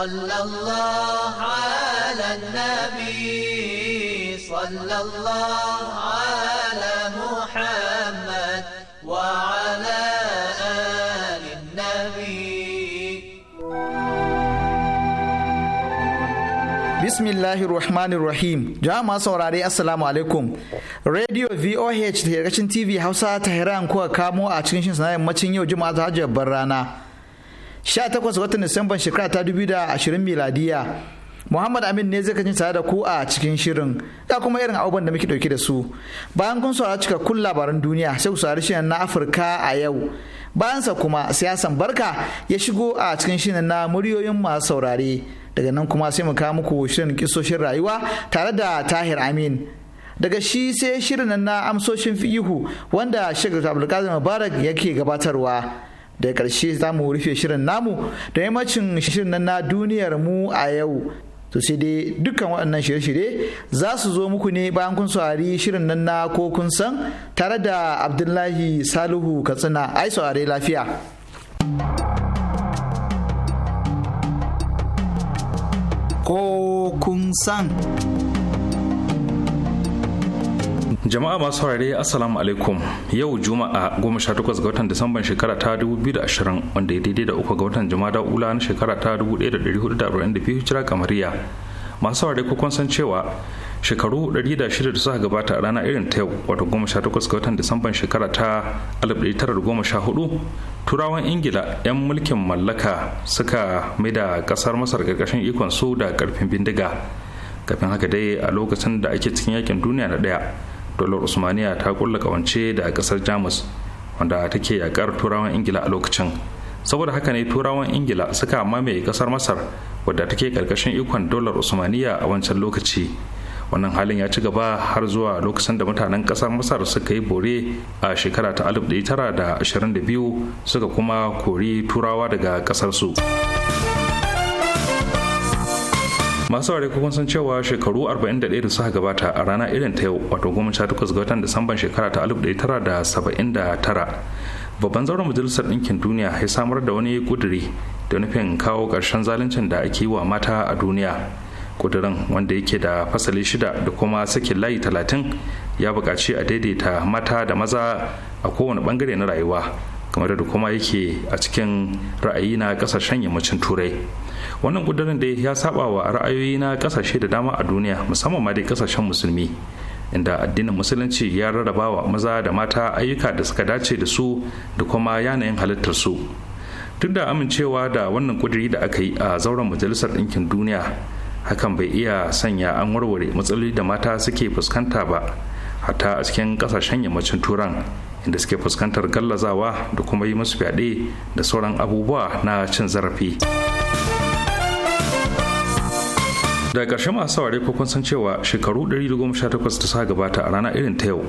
صلى الله على النبي صلى الله على محمد وعلى آل النبي بسم الله الرحمن الرحيم جامع saurare assalamu alaikum radio voh da gashin tv hausa ta hiran kuka kamo a cikin shin sanayin macin yau juma'a ta hajjar 18 watan Disamban shekara ta 2020 miladiya. Muhammad Amin ne zai kasance tare da ku a cikin shirin da kuma irin abubuwan da muke dauke da su. Bayan kun saurari cikakkun labaran duniya sai ku saurari shirin na Afirka a yau. Bayansa kuma siyasan barka ya shigo a cikin shirin na muryoyin masu saurare. Daga nan kuma sai mu kawo muku shirin kisoshin rayuwa tare da Tahir Amin. Daga shi sai shirin na amsoshin fi'ihu wanda Sheikh Abdulkadir Mubarak yake gabatarwa. da ƙarshe za mu rufe shirin namu da yammacin shirin na duniyar mu a yau to sai dai dukkan waɗannan shirye-shirye za su zo muku ne bayan kun saurari shirin nan na ko kun san tare da abdullahi salihu katsina ai saurari lafiya ko kun san jama'a masu saurare assalamu alaikum yau juma'a 18 ga watan disamban shekara ta 2020 wanda ya daidai da uku ga watan jama'a ula na shekara ta 1442 hijira kamariya masu saurare ko san cewa shekaru 106 da suka gabata a rana irin ta yau wato 18 ga watan disamban shekara ta 1914 turawan ingila 'yan mulkin mallaka suka maida kasar masar karkashin ikon su da karfin bindiga kafin haka dai a lokacin da ake cikin yakin duniya na ɗaya. dolar usmaniya ta kulla kawance da kasar jamus wanda take yakar turawan ingila a lokacin saboda haka ne turawan ingila suka mamaye kasar masar wadda take karkashin ikon dolar usmaniya a wancan lokaci wannan halin ya ci gaba har zuwa lokacin da mutanen kasar masar suka yi bore a shekara ta 1922 suka kuma kori turawa daga kasar su masu ware kukun san cewa shekaru 41 da suka gabata a rana irin ta yau wato 18 ga watan disamban shekara ta 1979 babban zauren majalisar ɗinkin duniya ya samar da wani ƙuduri da nufin kawo ƙarshen zaluncin da ake yi wa mata a duniya ƙudurin wanda yake da fasali shida da kuma sakin layi talatin ya buƙaci a daidaita mata da maza a kowane bangare na rayuwa kamar da kuma yake a cikin ra'ayi na ƙasashen yammacin turai wannan kudirin da ya saba wa ra'ayoyi na kasashe da dama a duniya musamman ma dai kasashen musulmi inda addinin musulunci ya rarraba wa maza da mata ayyuka da suka dace da su da kuma yanayin halittar su duk da amincewa da wannan kudiri da aka yi a zauren majalisar ɗinkin duniya hakan bai iya sanya an warware matsaloli da mata suke fuskanta ba hatta a cikin kasashen yammacin turan inda suke fuskantar gallazawa da kuma yi musu fyaɗe da sauran abubuwa na cin zarafi. daga ƙarshe masu saurare ko kun san cewa shekaru 118 da sa gabata a rana irin ta yau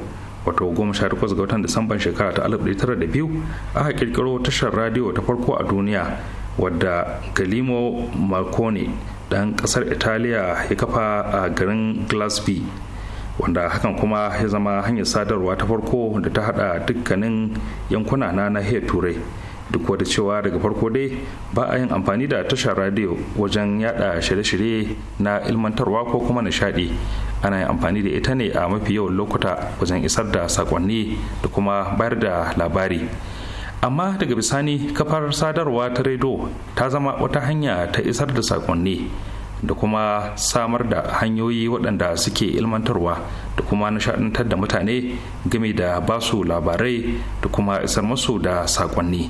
wato 18 ga watan disamban shekara ta 1902 aka kirkiro tashar radiyo ta farko a duniya wadda galimo marconi dan ƙasar italiya ya kafa a garin glasby wanda hakan kuma ya zama hanyar sadarwa ta farko da ta hada dukkanin yankuna na nahiyar turai duk da cewa daga farko dai ba a yin amfani da tashar radio wajen yada shirye-shirye na ilmantarwa ko kuma nishadi ana yin amfani da ita ne a mafi yawan lokuta wajen isar da sakonni da kuma bayar da labari amma daga bisani kafar sadarwa ta rediyo ta zama wata hanya ta isar da sakonni da kuma samar da hanyoyi waɗanda suke ilmantarwa da kuma nishadantar da mutane game da basu labarai da kuma isar masu da sakonni.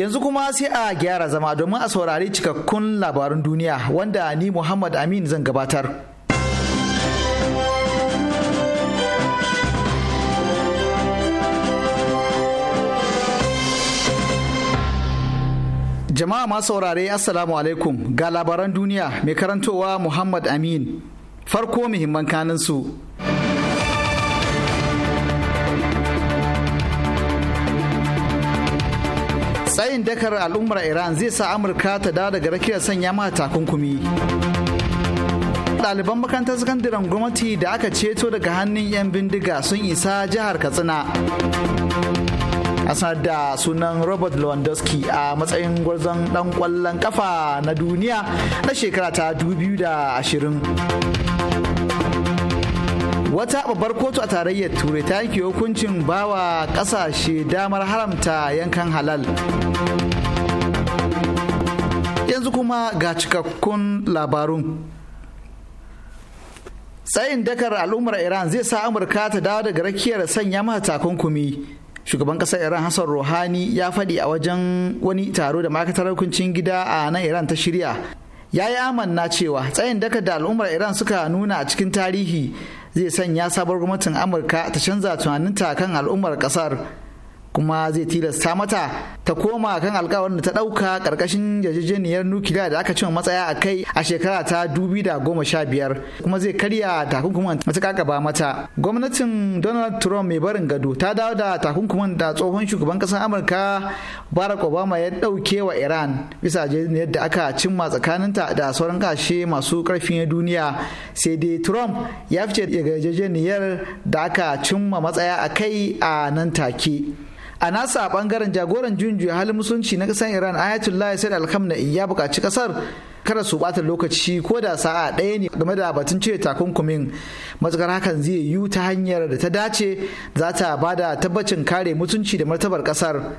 Yanzu kuma sai a gyara zama domin a saurari cikakkun labarun duniya wanda ni Muhammad Amin zan gabatar. Jama'a ma saurare Assalamu alaikum ga labaran duniya mai karantowa Muhammad Amin. Farko muhimman su tsayin dakar al'ummar iran zai sa amurka ta dawo daga rakiyar sanya mata takunkumi ɗaliban makarantar sakandaren gwamnati da aka ceto daga hannun 'yan bindiga sun isa jihar katsina a sanar da sunan robert lewandowski a matsayin gwarzon dan kwallon kafa na duniya na shekara ta 2020 wata babbar kotu a tarayyar turai ta yanke hukuncin bawa kasashe damar haramta yankan halal yanzu kuma ga cikakkun labarun tsayin dakar al'ummar iran zai sa amurka ta dawo daga rakiyar sanya mata takunkumi shugaban kasar iran hassan rohani ya faɗi a wajen wani taro da ma'aikatar hukuncin gida a nan iran ta shirya ya yi amanna cewa tsayin dakar da al'ummar iran suka nuna a cikin tarihi zai sanya sabuwar gwamnatin amurka ta canza tunaninta kan al'ummar kasar kuma zai tilasta mata ta koma kan alkawarin da ta ɗauka karkashin yarjejeniyar nukiliya da aka cima matsaya a kai a shekara ta da goma sha biyar kuma zai karya takunkuman da ta kakaba mata gwamnatin donald trump mai barin gado ta dawo da takunkuman da tsohon shugaban ƙasar amurka barack obama ya dauke wa iran bisa yarjejeniyar da aka cimma tsakaninta da sauran kashe masu ƙarfin duniya sai dai trump ya fice daga yarjejeniyar da aka cimma matsaya a kai a nan take a nasa bangaren jagoran junju halin musulunci na kasar iran ayatollah said alhamna'i ya buƙaci kasar kada su bata lokaci ko da sa'a ɗaya ne game da batun cire takunkumin matsakar hakan zai yiwu ta hanyar da ta dace za ta bada tabbacin kare mutunci da martabar kasar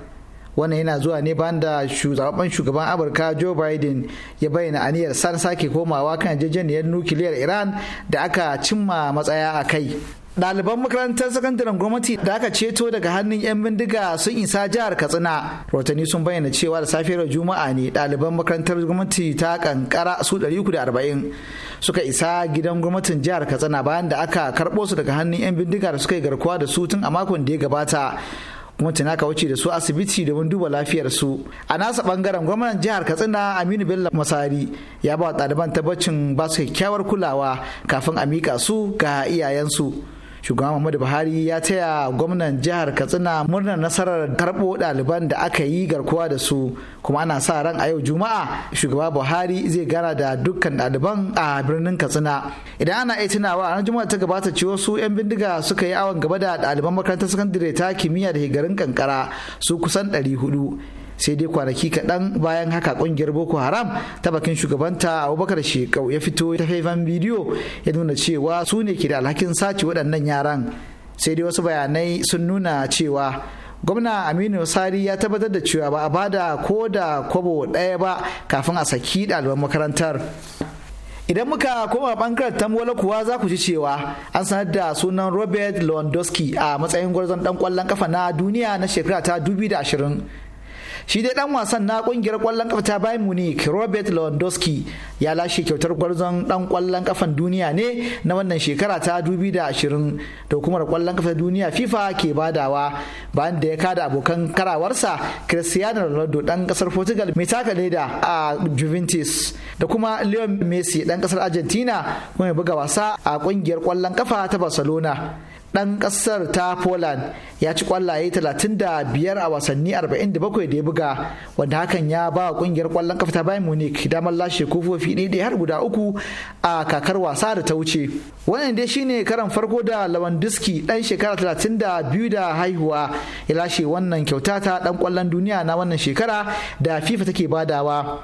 wannan yana zuwa ne ban da zaɓen shugaban amurka joe biden ya bayyana aniyar san sake komawa kan yarjejeniyar nukiliyar iran da aka cimma matsaya a kai ɗaliban makarantar sakandaren gwamnati da aka ceto daga hannun 'yan bindiga sun isa jihar katsina Rotani sun bayyana cewa da safiyar juma'a ne ɗaliban makarantar gwamnati ta kankara su 340 suka isa gidan gwamnatin jihar katsina bayan da aka karɓo su daga hannun 'yan bindiga da suka yi garkuwa da su tun a makon da ya gabata gwamnati na wuce da su asibiti domin duba lafiyar su a nasa bangaren gwamnan jihar katsina aminu bello masari ya ba wa ɗaliban tabbacin ba su kyakkyawar kulawa kafin a mika su ga iyayensu shugaban muhammadu buhari ya taya gwamnan jihar katsina murnar nasarar karɓo ɗaliban da aka yi garkuwa da su kuma ana sa ran a yau juma'a shugaba buhari zai gana da dukkan ɗaliban a birnin katsina idan ana iya tunawa ranar juma'a ta gabata ce wasu 'yan bindiga suka yi awon gaba da ɗaliban makarantar sakandare ta kimiyya da garin kankara su kusan 400 sai dai kwanaki kaɗan bayan haka ƙungiyar boko haram ta bakin shugabanta abubakar shekau ya fito ta faifan bidiyo ya nuna cewa su ne ke da alhakin sace waɗannan yaran sai dai wasu bayanai sun nuna cewa gwamna aminu sari ya tabbatar da cewa ba a bada ko da kwabo ɗaya ba kafin a saki ɗaliban makarantar idan muka koma bangaren tamwala kuwa za ku ji cewa an sanar da sunan robert lewandowski a matsayin gwarzon dan kwallon kafa na duniya na shekara ta ashirin. shi dai dan wasan na kungiyar kwallon kafa ta Bayern Munich Robert Lewandowski ya lashe kyautar gwarzon dan kwallon kafan duniya ne na wannan shekara ta 2020 da hukumar kwallon kafa duniya FIFA ke badawa bayan da ya kada abokan karawarsa Cristiano Ronaldo dan kasar Portugal mai taka leda a Juventus da kuma Leo Messi dan kasar Argentina kuma buga wasa a kungiyar kwallon kafa ta Barcelona ɗan ƙasar ta poland ya ci kwallaye 35 a wasanni 47 da ya buga wanda hakan ya ba wa ƙungiyar ƙwallon kafa ta bayan munich damar lashe kofofi ne da har guda uku a kakar wasa da ta wuce wannan dai shine karan farko da lewandowski ɗan shekara 32 da haihuwa ya lashe wannan kyauta ta ɗan ƙwallon duniya na wannan shekara da fifa take badawa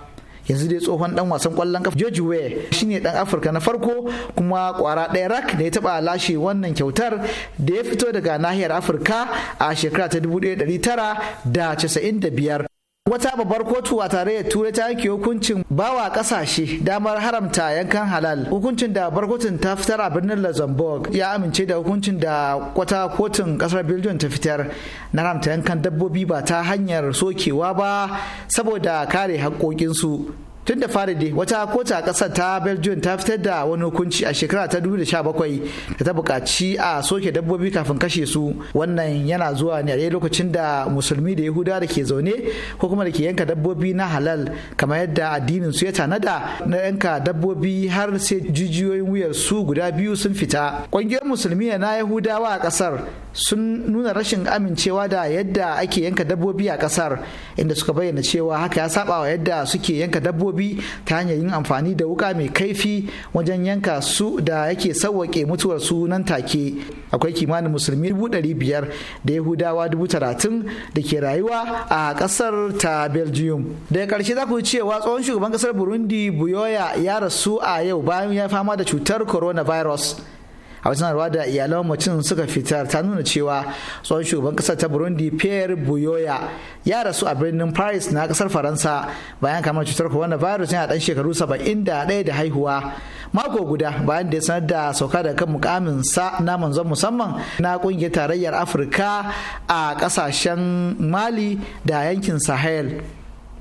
yanzu dai tsohon dan wasan kwallon kafa George Weah shine dan Afirka na farko kuma kwara ɗaya rak da ya taba lashe wannan kyautar da ya fito daga nahiyar Afirka a shekara ta 1995 wata babbar kotu a tarayyar turai ta yanke hukuncin bawa kasashe damar haramta yankan halal hukuncin da babbar kotun ta fitar a birnin luxembourg ya amince da hukuncin da wata kotun kasar belgium ta fitar na haramta yankan dabbobi ba ta hanyar sokewa ba saboda kare haƙoƙinsu tun da fari dai wata kotu a kasar ta belgium ta fitar da wani hukunci a shekara ta dubu da da ta buƙaci a soke dabbobi kafin kashe su wannan yana zuwa ne a lokacin da musulmi da yahuda da ke zaune ko kuma da ke yanka dabbobi na halal kamar yadda addinin su ya tanada na yanka dabbobi har sai jijiyoyin wuyar su guda biyu sun fita ƙungiyar musulmi na yahudawa a ƙasar sun nuna rashin amincewa da yadda ake yanka dabbobi a kasar inda suka bayyana cewa haka ya saba wa yadda suke yanka dabbobi ta hanyar yin amfani da wuka mai kaifi wajen yanka su da yake sauwake mutuwar su nan take akwai kimanin musulmi dubu biyar da yahudawa dubu talatin da ke rayuwa a kasar ta belgium daga ƙarshe za ku cewa tsohon shugaban kasar burundi buyoya ya rasu a yau bayan ya fama da cutar coronavirus a wasu sanarwa da iyalan mutum suka fitar ta nuna cewa tsohon shugaban kasa ta burundi pierre buyoya ya rasu a birnin paris na kasar faransa bayan kamar cutar virus yana dan shekaru saba'in da ɗaya da haihuwa mako guda bayan da ya sanar da sauka da kan mukamin sa na manzon musamman na kungiyar tarayyar afirka a kasashen mali da yankin sahel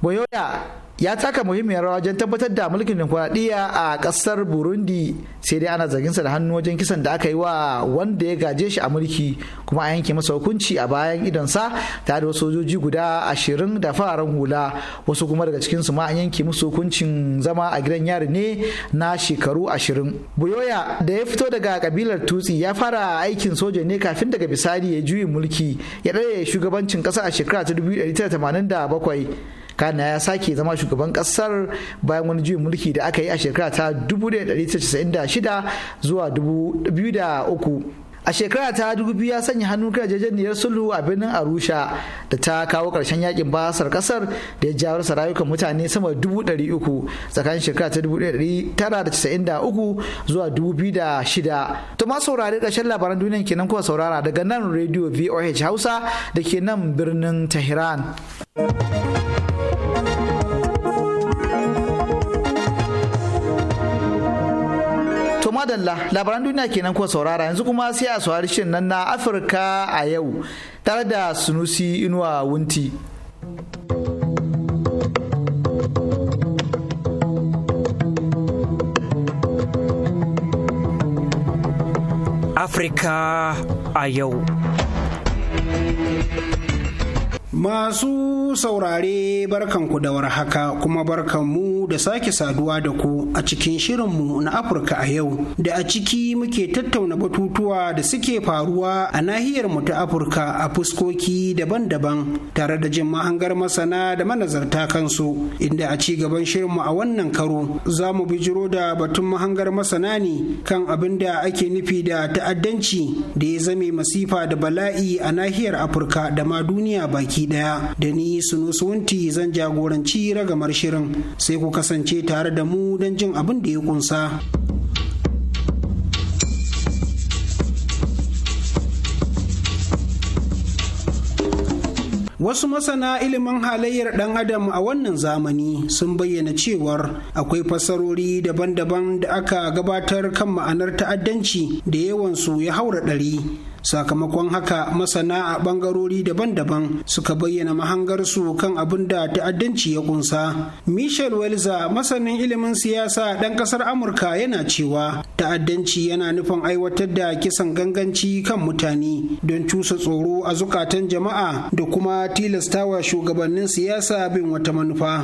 boyoya ya taka muhimmiyar rawa wajen tabbatar da mulkin demokuraɗiyya a ƙasar burundi sai dai ana zarginsa da hannu wajen kisan da aka yi wa wanda ya gaje shi a mulki kuma a yanke masa hukunci a bayan idonsa tare da sojoji guda ashirin da fararen hula wasu kuma daga cikinsu ma an yanke musu hukuncin zama a gidan yari ne na shekaru ashirin buyoya da ya fito daga kabilar tutsi ya fara aikin soja ne kafin daga bisani ya juyin mulki ya ɗaya shugabancin ƙasa a shekara ta 1987 kana ya sake zama shugaban kasar bayan wani juyin mulki da aka yi a shekara ta 1996 zuwa 2003 a shekara ta dubu ya sanya hannu kan yarjejeniyar sulhu a birnin arusha da ta kawo karshen yakin basar kasar da ya jawo rasa rayukan mutane sama da dubu ɗari uku tsakanin shekara ta dubu ɗari tara da casa'in da uku zuwa dubu biyu da shida to ma saurari ƙarshen labaran duniyan kenan kuwa saurara daga nan rediyo voh hausa da ke nan birnin tehran. madalla labaran duniya kenan ko saurara yanzu kuma sai a saurari shin nan na afirka a yau tare da sunusi inuwa wunti afirka a yau Masu saurare barkanku da warhaka kuma barkanmu da sake saduwa da ku a cikin shirinmu na Afirka a yau da a ciki muke tattauna batutuwa da suke faruwa a nahiyar mu ta Afirka a fuskoki daban-daban tare da jin mahangar masana da manazarta kansu inda a ci gaban shirinmu a wannan karo za mu bijiro da batun mahangar masana ne kan abin da ake nufi da ta'addanci da ya zame masifa da bala'i a nahiyar Afirka da ma duniya baki ɗaya daya da ni sunusunti zan jagoranci ragamar shirin sai ku kasance tare da mu don jin abin da ya kunsa. Wasu masana ilimin halayyar ɗan adam a wannan zamani sun bayyana cewar akwai fasarori daban-daban da aka gabatar kan ma'anar ta'addanci da yawansu ya haura ɗari. sakamakon haka masana a bangarori daban-daban suka bayyana mahangarsu kan abin da ta'addanci ya kunsa michel welza masanin ilimin siyasa ɗan ƙasar amurka yana cewa ta'addanci yana nufin aiwatar da kisan ganganci kan mutane don cusa tsoro a zukatan jama'a da kuma tilastawa shugabannin siyasa bin wata manufa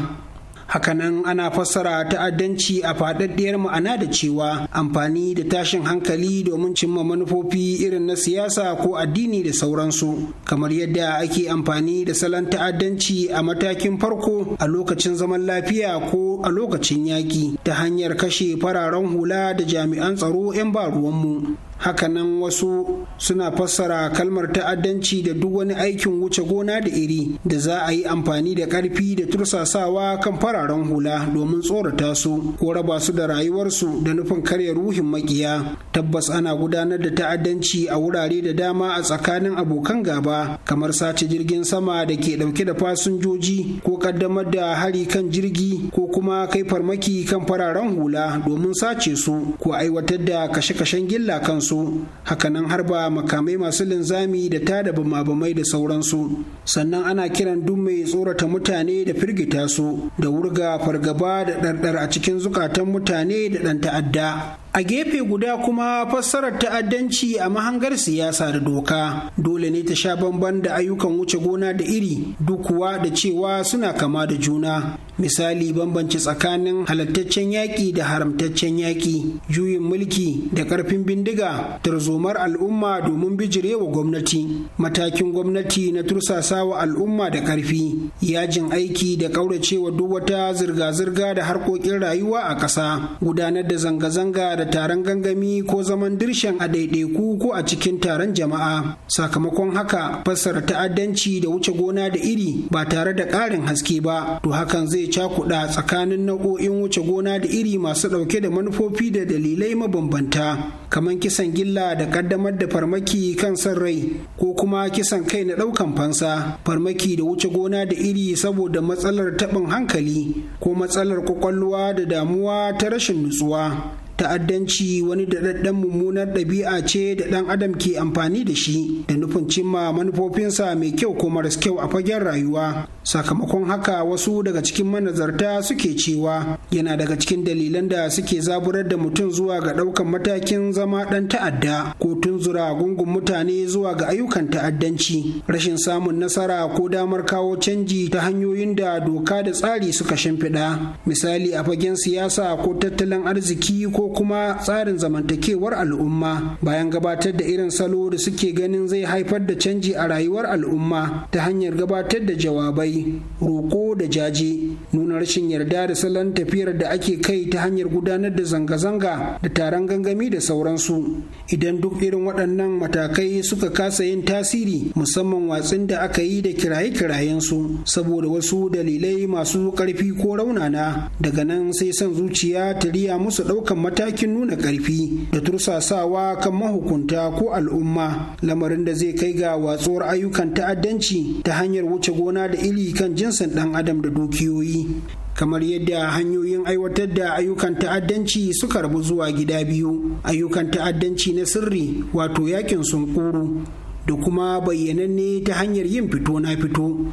hakanan ana fassara ta'addanci a faɗaɗɗiyar ma'ana da cewa amfani da tashin hankali domin cimma manufofi irin na siyasa ko addini da sauransu kamar yadda ake amfani da salon ta'addanci a matakin farko a lokacin zaman lafiya ko a lokacin yaƙi ta hanyar kashe fararen hula da jami'an tsaro 'yan ba ruwanmu hakanan wasu suna fassara kalmar ta'addanci da duk wani aikin wuce gona da iri da za a yi amfani da ƙarfi da tursasawa kan fararen hula domin tsorata su ko raba su da rayuwarsu da nufin karya ruhin makiya tabbas ana gudanar da ta'addanci a wurare da dama a tsakanin abokan gaba kamar sace jirgin sama da ke ɗauke da fasinjoji ko ƙaddamar da hari kan jirgi ko kuma kai farmaki kan fararen hula domin sace su ko aiwatar da kashe-kashen gilla kansu sauransu hakanan harba makamai masu linzami da tada bamabamai da sauransu sannan ana kiran duk mai tsorata mutane da firgita su da wurga fargaba da ɗarɗar a cikin zukatan mutane da ɗan ta'adda a gefe guda kuma fassarar ta'addanci a mahangar siyasa da doka dole ne ta sha bamban da ayyukan wuce gona da iri dukuwa da cewa suna kama da juna misali bambanci tsakanin halattaccen yaƙi da haramtaccen yaƙi juyin mulki da ƙarfin bindiga tarzomar al'umma domin bijire wa gwamnati matakin gwamnati na tursasawa al'umma da ƙarfi yajin aiki da ƙauracewa duk wata zirga-zirga da harkokin rayuwa a ƙasa gudanar da zanga-zanga da taron gangami ko zaman dirshan a daidaiku ko a cikin taron jama'a sakamakon haka fassara ta'addanci da wuce gona da iri ba tare da ƙarin haske ba to hakan zai cakuɗa tsakanin nau'o'in wuce gona da iri masu ɗauke da manufofi da dalilai mabambanta kamar kisan kisan gilla da kaddamar da farmaki kan san rai ko kuma kisan kai na ɗaukan fansa farmaki da wuce gona da iri saboda matsalar taɓin hankali ko matsalar kwakwalwa da damuwa ta rashin nutsuwa ta'addanci wani daɗaɗɗen mummunar ɗabi'a ce da ɗan adam ke amfani da shi da nufin cimma manufofinsa mai kyau ko maras kyau a fagen rayuwa sakamakon haka wasu daga cikin manazarta suke cewa yana daga cikin dalilan da suke zaburar da mutum zuwa ga ɗaukan matakin zama ɗan ta'adda ko tunzura gungun mutane zuwa ga ayyukan ta'addanci rashin samun nasara ko damar kawo canji ta hanyoyin da doka da tsari suka shimfiɗa misali a fagen siyasa ko tattalin arziki ko kuma tsarin zamantakewar al'umma bayan gabatar da irin salo da suke ganin zai haifar da canji a rayuwar al'umma ta hanyar gabatar da jawabai roƙo da jaje nuna rashin yarda da salon tafiyar da ake kai ta hanyar gudanar da zanga-zanga da taron gangami da sauransu idan duk irin waɗannan matakai suka kasa yin tasiri musamman watsin da aka yi da kiraye-kirayensu saboda wasu dalilai masu ƙarfi ko raunana daga nan sai son zuciya ta riya musu ɗaukan matakin nuna ƙarfi da tursasawa kan mahukunta ko al'umma lamarin da zai kai ga watsuwar ayyukan ta'addanci ta hanyar wuce gona da ili kan jinsin ɗan adam da dukiyoyi kamar yadda hanyoyin aiwatar da ayyukan ta'addanci suka rabu zuwa gida biyu ayyukan ta'addanci na sirri wato yakin sunkuru da kuma bayyananne ta hanyar yin fito na fito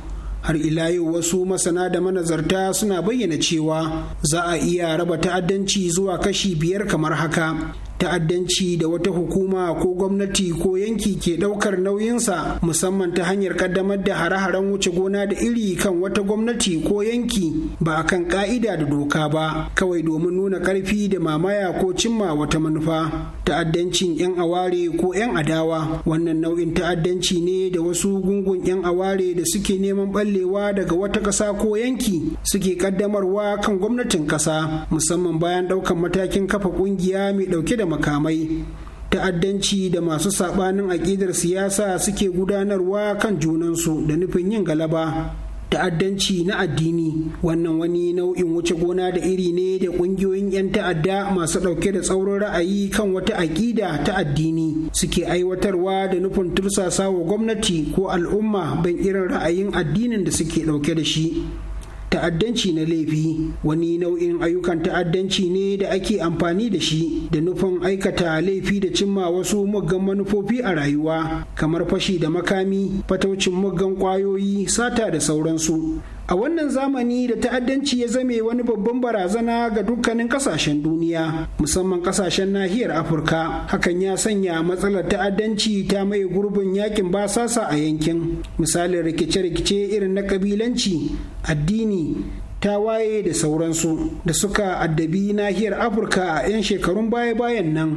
har ila yau wasu masana da manazarta suna bayyana cewa za a iya raba ta'addanci zuwa kashi biyar kamar haka ta'addanci da wata hukuma ko gwamnati ko yanki ke ɗaukar nauyinsa musamman ta hanyar ƙaddamar da hare-haren wuce gona da iri kan wata gwamnati ko yanki ba a kan ƙa'ida da doka ba kawai domin nuna ƙarfi da mamaya ko cimma wata manufa ta'addancin 'yan aware ko 'yan adawa wannan nau'in ta'addanci ne da wasu gungun 'yan aware da suke neman ɓallewa daga wata ƙasa ko yanki suke ƙaddamarwa kan gwamnatin ƙasa musamman bayan ɗaukan matakin kafa ƙungiya mai ɗauke da makamai ta'addanci da masu saɓanin aƙidar siyasa suke gudanarwa kan junansu da nufin yin galaba ta'addanci na addini wannan wani nau'in wuce gona da iri ne da ƙungiyoyin 'yan ta'adda masu ɗauke da tsaurin ra'ayi kan wata aƙida ta addini suke aiwatarwa da nufin tursasa wa gwamnati ko al'umma ban irin ra'ayin addinin da suke ɗauke da shi ta'addanci na laifi wani nau'in ayyukan ta'addanci ne da ake amfani da shi da nufin aikata laifi da cimma wasu muggan manufofi a rayuwa kamar fashi da makami fataucin muggan kwayoyi sata da sauransu a wannan zamani da ta'addanci ya zame wani babban barazana ga dukkanin kasashen duniya musamman kasashen nahiyar afirka hakan ya sanya matsalar ta'addanci ta mai gurbin yakin basasa a yankin misalin rikice-rikice irin na kabilanci addini tawaye da sauransu da suka addabi nahiyar afirka a 'yan shekarun baya-bayan nan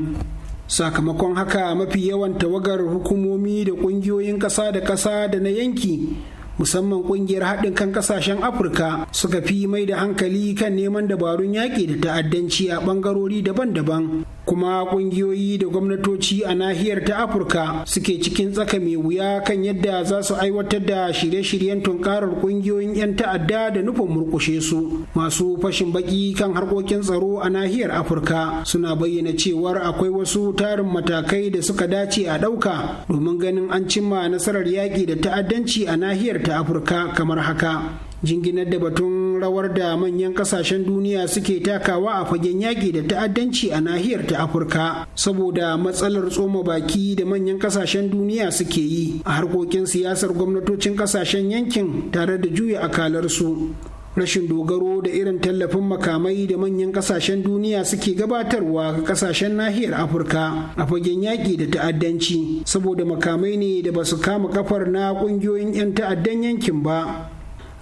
sakamakon haka mafi yawan tawagar hukumomi da ƙungiyoyin ƙasa da ƙasa da na yanki musamman kungiyar haɗin kan kasashen afirka suka fi mai da hankali kan neman dabarun yaƙi da ta'addanci a ɓangarori daban-daban kuma kungiyoyi da gwamnatoci a nahiyar ta afirka suke cikin tsaka mai wuya kan yadda za su aiwatar da shirye-shiryen tunkarar kungiyoyin 'yan ta'adda da nufin murkushe su masu fashin baki kan harkokin tsaro a nahiyar afirka suna bayyana cewar akwai wasu tarin matakai da suka dace a ɗauka domin ganin an cimma nasarar yaƙi da ta'addanci a nahiyar ta afirka kamar haka jinginar da batun rawar da manyan kasashen duniya suke takawa a fagen yaƙi da ta'addanci a nahiyar ta afirka saboda matsalar tsoma baki da manyan kasashen duniya suke yi a harkokin siyasar gwamnatocin kasashen yankin tare da juya akalarsu rashin dogaro da irin tallafin makamai da manyan kasashen duniya suke gabatarwa ga kasashen nahiyar afirka a fagen yaƙi da ta'addanci saboda makamai ne da ba su kama kafar na ƙungiyoyin 'yan ta'addan yankin ba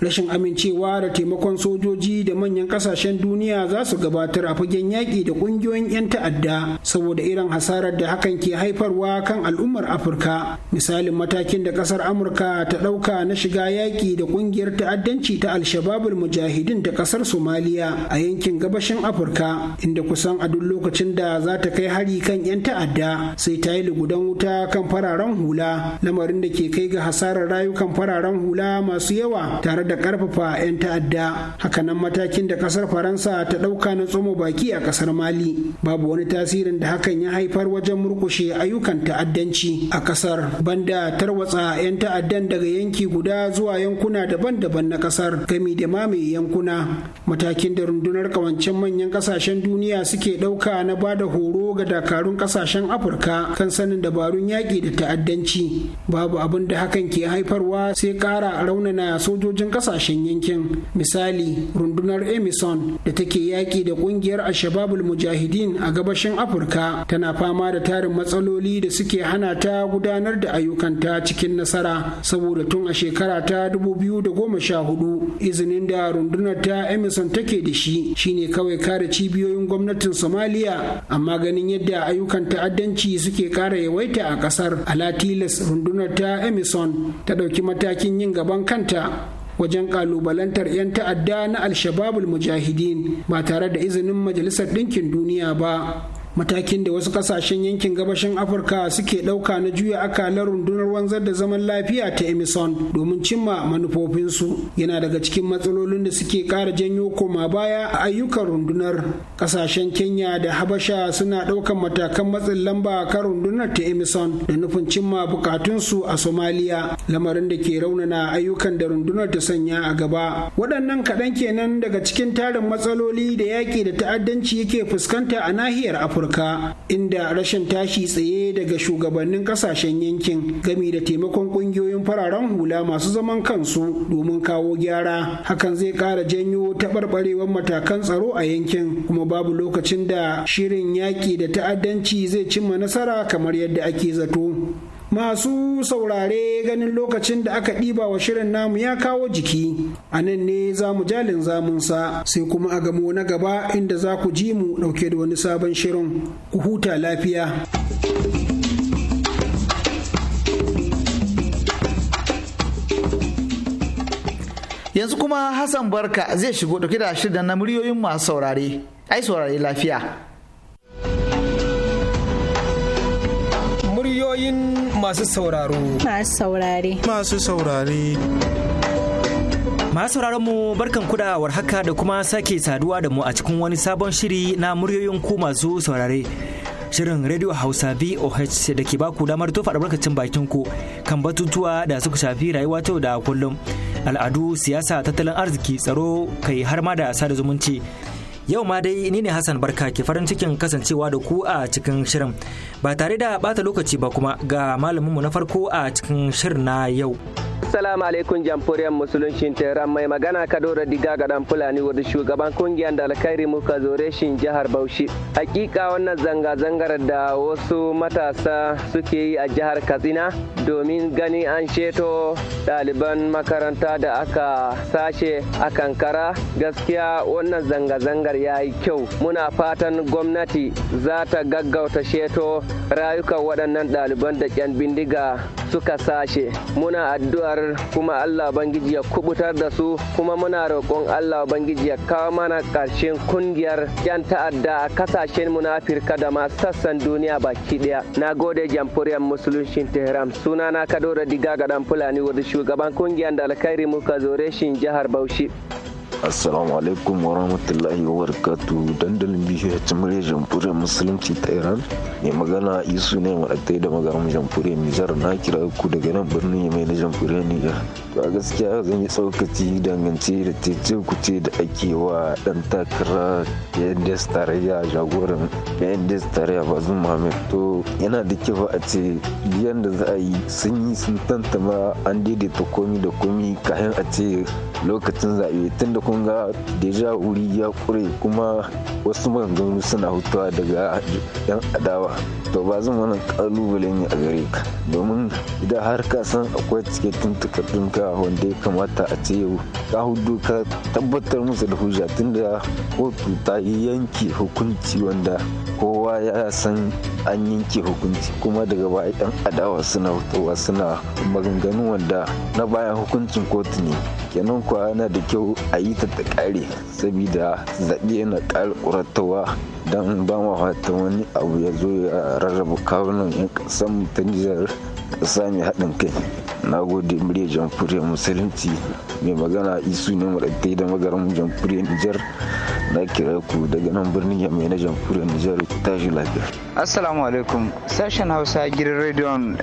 rashin amincewa da taimakon sojoji da manyan kasashen duniya za su gabatar a fagen yaƙi da ƙungiyoyin 'yan ta'adda saboda irin hasarar da hakan ke haifarwa kan al'ummar afirka misalin matakin da ƙasar amurka ta ɗauka na shiga yaƙi da ƙungiyar ta'addanci ta alshababul mujahidin da ƙasar somaliya a yankin gabashin afirka inda kusan a duk lokacin da za ta kai hari kan 'yan ta'adda sai ta yi lugudan wuta kan fararen hula lamarin da ke kai ga hasarar rayukan fararen hula masu yawa tare da karfafa 'yan ta'adda hakanan matakin da kasar faransa ta dauka na tsoma baki a kasar mali babu wani tasirin da hakan ya haifar wajen murkushe ayyukan ta'addanci a kasar banda tarwatsa 'yan ta'addan daga yanki guda zuwa yankuna daban-daban na kasar gami da mamaye yankuna matakin da rundunar kawancen manyan kasashen duniya suke dauka na ba da horo ga dakarun kasashen afirka kan sanin dabarun yaƙi da ta'addanci babu abin da hakan ke haifarwa sai ƙara raunana sojojin kasashen yankin misali rundunar emison da take yaƙi da ƙungiyar ashababul mujahideen a gabashin afirka tana fama da tarin matsaloli da suke hana ta gudanar da ayyukanta cikin nasara saboda tun a shekara ta 2014 izinin da rundunar ta emison take da shi shine kawai kare cibiyoyin gwamnatin somaliya amma ganin yadda ayyukan ta'addanci suke kara yawaita a kasar alatilas rundunar ta emison ta ɗauki matakin yin gaban kanta wajen kalubalantar 'yan ta'adda na al-shababul mujahideen ba tare da izinin majalisar ɗinkin duniya ba matakin da wasu kasashen yankin gabashin afirka suke ɗauka na juya akalar rundunar wanzar da zaman lafiya ta emison domin cimma manufofinsu yana daga cikin matsalolin da suke ƙara janyo koma baya a ayyukan rundunar Ƙasashen kenya da habasha suna ɗaukan matakan matsin lamba kan rundunar ta emison da nufin cimma bukatunsu a somaliya lamarin da ke raunana ayyukan da rundunar ta sanya a gaba waɗannan kaɗan kenan daga cikin tarin matsaloli da yaƙi da ta'addanci yake fuskanta a nahiyar afirka afirka inda rashin tashi tsaye daga shugabannin kasashen yankin gami da taimakon kungiyoyin fararen hula masu zaman kansu domin kawo gyara hakan zai kara janyo taɓarɓarewar matakan tsaro a yankin kuma babu lokacin da shirin yaƙi da ta'addanci zai cimma nasara kamar yadda ake zato Masu saurare ganin lokacin da aka ɗiba wa shirin namu ya kawo jiki, a nan ne za mu jalin zamunsa sai kuma a gamo na gaba inda za ku ji mu ɗauke da wani sabon shirin. Ku huta lafiya. Yanzu kuma Hassan Barka zai shigo ɗauke da shirin na muryoyin masu saurare, ai saurare lafiya. Muryoyin masu sauraro. Masu saurare. Masu saurare. Masu mu barkan kuda haka da kuma sake saduwa da mu a cikin wani sabon shiri na muryoyin ku masu saurare. Shirin Radio Hausa VOH da ke baku damar tofa albarkacin bakin ku kan batutuwa da suka shafi rayuwa ta da kullum. Al'adu, siyasa, tattalin arziki, tsaro, kai har ma da sada zumunci. Yau ma dai ni ne Hassan Barka ke farin cikin kasancewa da ku a cikin shirin. Ba tare da bata lokaci ba kuma ga malaminmu na farko a cikin shirin na yau. Assalamu alaikum jamhuriyar musuluncin Tehran mai magana Kadora Diga ga dan Fulani wadda shugaban kungiyar da alkhairi muka zore jihar Bauchi. Hakika wannan zanga-zangar da wasu matasa suke yi a jihar Katsina domin gani an sheto ɗaliban makaranta da aka sashe a kankara gaskiya wannan zanga-zangar ya yi kyau muna fatan gwamnati za ta gaggauta sheto rayukan waɗannan ɗaliban da ƙyan bindiga suka sashe muna addu'ar kuma allah bangiji ya kubutar da su kuma muna roƙon allah bangiji ya kawo mana ƙarshen ƙungiyar yan ta'adda a ƙasashen mu na da ma sassan duniya baki ɗaya na gode jamhuriyar musulunci tehran suna na kadoro diga ga ɗan fulani wani shugaban kungiyar da alkhairi muka zore shin jihar bauchi assalamu alaikum wa rahmatullahi wa barakatu dandalin bishiyar muryar jamfure musulunci ta iran mai magana isu ne maɗaɗai da magaram jamhuriyar nijar na kira ku daga nan birnin mai na jamhuriyar nijar Ba gaskiya zan yi tsaukaci dangance da tece ce da ake wa ɗan takara yandes tarayya jagoran yandes tarayya bazin muhammad to yana da kyau a ce biyan da za a yi sun yi sun tantama an daidaita komi da komi kayan a ce lokacin zaɓe tun da Kunga ga deja uri ya kure kuma wasu maganganu suna hutawa daga yan adawa to ba zan wani kalubale ne a gare ka domin idan har ka san akwai tiketin takardunka wanda ya kamata a ce yau ka hudu ka tabbatar musu da hujja tunda kotu ta yanke hukunci wanda kowa ya san an yanke hukunci kuma daga baya yan adawa suna hutawa suna maganganu wanda na bayan hukuncin kotu ne kenan kwa yana da kyau a yi ta ta kare saboda zaɓe yana ƙara ƙuratawa don ba ma fata wani abu ya zo ya rarraba kawunan 'yan ƙasan ta nijar ƙasa mai haɗin kai na gode murya jamhuriyar musulunci mai magana isu ne maɗaɗai da magaran jamhuriyar nijar na kira ku daga nan birnin yamma na jamhuriyar Nijar ku tashi lafiya. Assalamu alaikum sashen Hausa gidan rediyon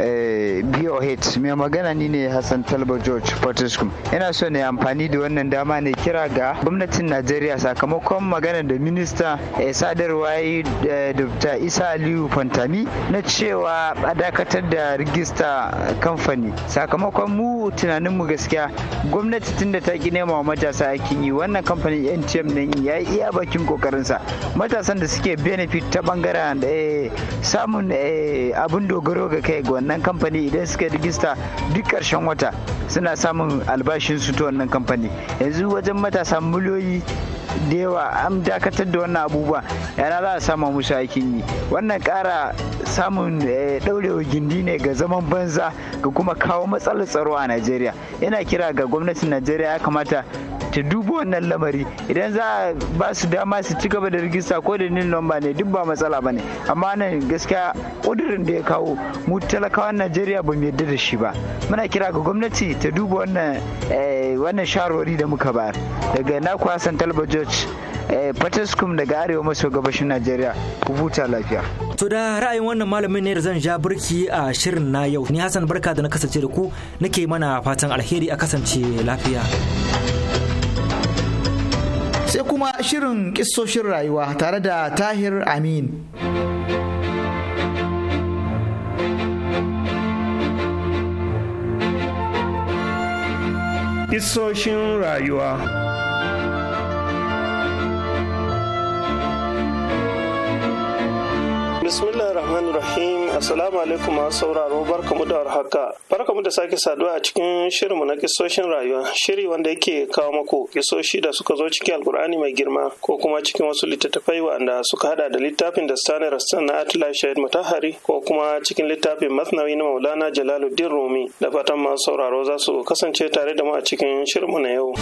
BOH eh, mai magana ni ne Hassan Talba George Fortescue. Ina so ne amfani da wannan dama ne kira ga gwamnatin Najeriya sakamakon magana da minista eh, sadarwa eh, Dr. Isa Aliyu Fantami na cewa a dakatar da rigista kamfani sakamakon mu tunanin mu gaskiya gwamnati tun da ta ki nema matasa aikin yi wannan kamfanin NTM ne ya yi iya bakin kokarinsa matasan da suke benefit ta bangaren da eh, samun eh, abin dogaro ga kai Ga wannan kamfani idan suka rigista duk karshen wata suna samun albashin su ta wannan kamfani yanzu wajen matasan miliyoyi da yawa an dakatar da wannan abubuwa yana za a sama musu aikin yi wannan kara samun daurewa eh, gindi ne ga zaman banza ga kuma kawo matsalar tsaro a najeriya yana kira ga gwamnatin najeriya ya kamata ta dubu wannan lamari idan za a ba su dama su ci gaba da rigista ko da nil nomba ne duk ba matsala ba ne amma nan gaskiya ƙudurin da ya kawo mu talakawan najeriya ba mu yadda da shi ba muna kira ga gwamnati ta duba wannan eh, wannan shawarwari da muka bayar daga naku hassan talba george fataskum eh, daga arewa maso gabashin najeriya ku huta lafiya to da ra'ayin wannan malamin ne da zan ja burki a shirin na yau ni hassan barka da na kasance da ku nake mana fatan alheri a kasance lafiya sai kuma shirin kisoshin rayuwa tare da tahir amin Isoshin rayuwa bismillah rahman rahim assalamu alaikum masu sauraro barkamu da warhaka barkamu da sake saduwa a cikin shirin mu na kisoshin rayuwa shiri wanda yake kawo maku kisoshi da suka zo cikin alkur'ani mai girma ko kuma cikin wasu littattafai wanda suka hada da littafin da stani rastan na atila shahid mutahari ko kuma cikin littafin masnawi na maulana jalaluddin rumi da fatan masu sauraro za su kasance tare da mu a cikin shirinmu na yau.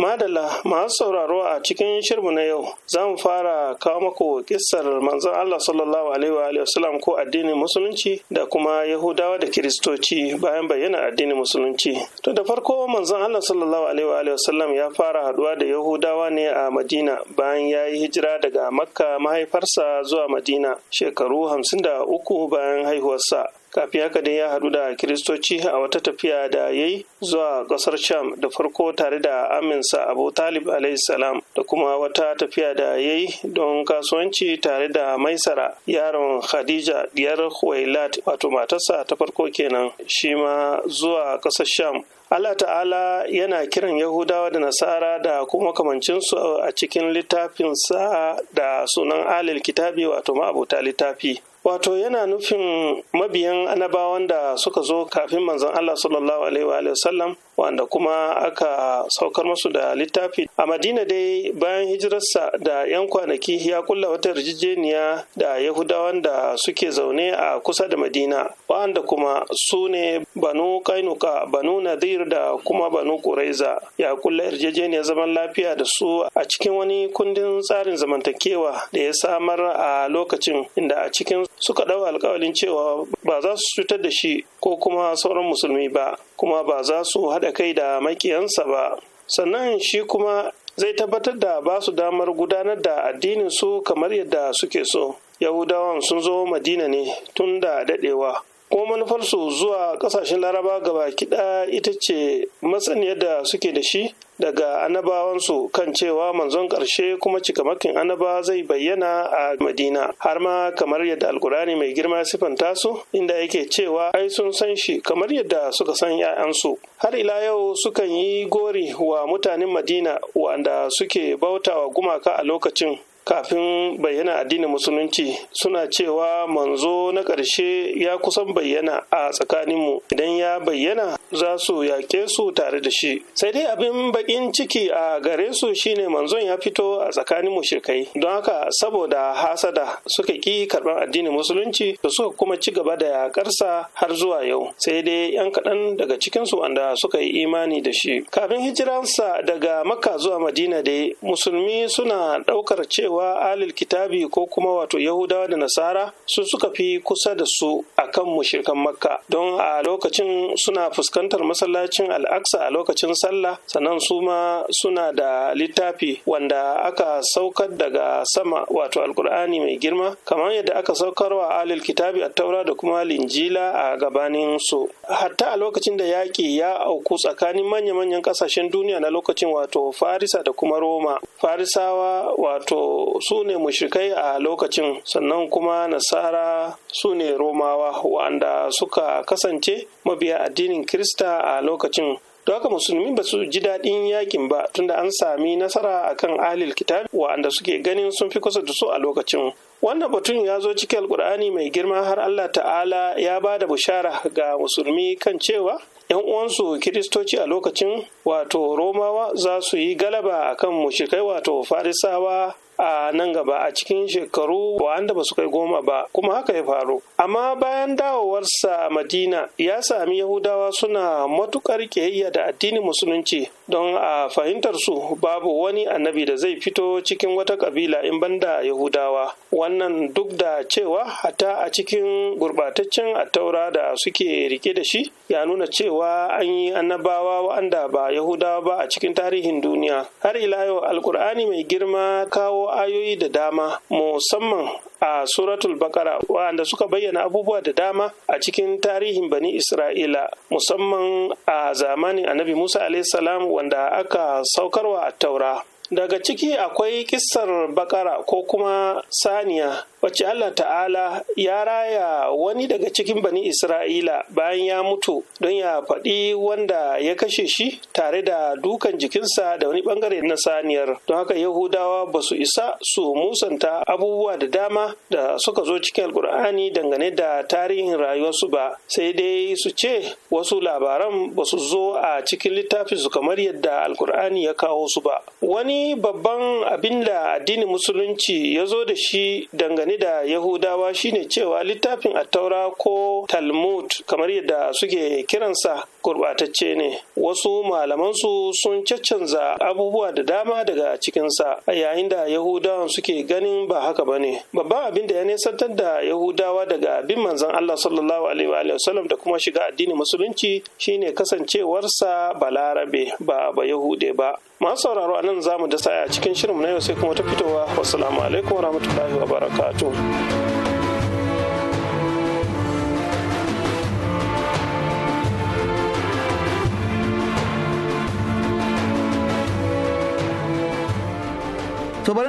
Madalla masu sauraro a cikin shirmu na yau zan fara kawo maku kissar manzon Allah sallallahu alaihi wa sallam ko addinin musulunci da kuma Yahudawa da Kiristoci bayan bayyana addinin musulunci. To da farko manzon Allah sallallahu alaihi wa sallam ya fara haduwa da Yahudawa ne a Madina bayan ya yi hijira daga Makka mahaifarsa zuwa Madina shekaru hamsin da uku bayan haihuwarsa. kafin haka dai ya haɗu da kiristoci a wata tafiya da ya yi zuwa ƙasar sham da farko tare da aminsa abu talib salam da kuma wata tafiya da ya yi don kasuwanci tare da maisara yaron khadija diyar huwailat wato matarsa ta farko kenan shi ma zuwa ƙasar sham Allah ta'ala yana kiran Yahudawa da Nasara da kuma kamancinsu a cikin littafinsa da sunan alil kitabi wato ma'abuta littafi wato yana nufin mabiyan anabawan da suka zo kafin manzon Allah sallallahu alaihi wa sallam wanda kuma aka saukar masu da littafi a madina dai bayan hijirarsa da 'yan kwanaki ya kulla wata yarjejeniya da yahudawan da suke zaune a kusa da madina wanda kuma su ne banu kainuka banu nadir da kuma banu kuraiza ya kulla yarjejeniyar zaman lafiya da su a cikin wani kundin tsarin zamantakewa da ya samar a lokacin inda a cikin suka ɗau alkawalin cewa ba za su cutar da shi ko kuma sauran musulmi ba kuma ba za su haɗa haɗa kai da maƙiyansa ba sannan shi kuma zai tabbatar da ba su damar gudanar da addinin su kamar yadda suke so yahudawan sun zo madina ne tun da daɗewa kuma manufarsu zuwa kasashen laraba gaba kiɗa ita ce matsaniyar da suke da shi daga annabawansu kan cewa manzon ƙarshe kuma cikamakin annaba zai bayyana a madina har ma kamar yadda alkurani mai girma sifanta su inda yake cewa ai sun san shi kamar yadda suka san 'ya'yansu har ila yau sukan yi gori wa mutanen madina wanda suke bautawa gumaka a lokacin kafin bayyana addinin musulunci suna cewa manzo na ƙarshe ya kusan bayyana a tsakaninmu idan ya bayyana za su yaƙe su tare da shi sai dai abin baƙin ciki a gare su shine manzon ya fito a tsakaninmu shirkai don haka saboda hasada suka ƙi karɓar addinin musulunci da suka kuma ci gaba da yaƙarsa har zuwa yau sai dai yan kaɗan daga cikinsu wanda suka yi imani da shi kafin hijiransa daga makka zuwa madina dai musulmi suna ɗaukar cewa cewa alil kitabi ko kuma wato yahudawa da nasara su suka fi kusa da su a kan mushirkan makka don a lokacin suna fuskantar masallacin al'aksa a lokacin sallah sannan su ma suna da littafi wanda aka saukar daga sama wato alkur'ani mai girma kamar yadda aka saukar wa alil kitabi a taura da kuma linjila a gabanin su hatta a lokacin da yaƙi ya auku tsakanin manya-manyan ƙasashen duniya na lokacin wato farisa da kuma roma farisawa wato su ne mushrikai a lokacin sannan kuma nasara su ne romawa wa'anda suka kasance mabiya addinin kirista a lokacin Da haka musulmi ba su ji daɗin yakin ba tunda an sami nasara akan alil kitab wa'anda suke ganin sun fi kusa da su a lokacin wannan batun ya zo cikin alkur'ani mai girma har allah ta'ala ya ba da bushara ga musulmi kan cewa 'yan uwansu kiristoci a lokacin wato romawa za su yi galaba a akan mushrikai wato farisawa a nan gaba a cikin shekaru wa'anda ba su kai goma ba kuma haka ya faru amma bayan dawowarsa madina ya sami yahudawa suna matukar kiyayya da addinin musulunci don a fahimtar su babu wani annabi da zai fito cikin wata kabila in banda yahudawa wannan duk da cewa hata a cikin gurbataccen attaura da suke rike da shi ya nuna cewa cewa an yi annabawa wa'anda ba Yahudawa ba a cikin tarihin duniya. Har ila yau Alkur'ani mai girma kawo ayoyi da dama musamman a suratul bakara wa'anda suka bayyana abubuwa da dama a cikin tarihin bani Isra'ila musamman a zamanin annabi Musa salam wanda aka saukarwa a taura. Daga ciki akwai kissar bakara ko kuma saniya wacce Allah ta'ala ya raya wani daga cikin bani Isra'ila bayan ya mutu don ya faɗi wanda ya kashe shi tare da dukan jikinsa da wani bangare na saniyar don haka Yahudawa ba su isa su musanta abubuwa da dama da suka zo cikin alkur'ani dangane da tarihin rayuwarsu ba sai dai su ce wasu labaran ba su zo a cikin littafin su kamar yadda alkur'ani ya kawo su ba wani babban abin da addinin musulunci ya zo da shi dangane amfani da yahudawa shine cewa littafin attaura ko talmud kamar yadda suke kiransa gurɓatacce ne wasu malamansu sun caccanza abubuwa da dama daga cikinsa a yayin da yahudawan suke ganin ba haka ba ne babban abin da ya nesantar da yahudawa daga bin manzan allah sallallahu alaihi wasallam da kuma shiga addinin musulunci shine kasancewarsa balarabe ba ba yahude ba masu sauraro a nan za mu dasa a cikin shirin na yau sai kuma ta fitowa wasu alaikum wa rahmatullahi wa barakatu to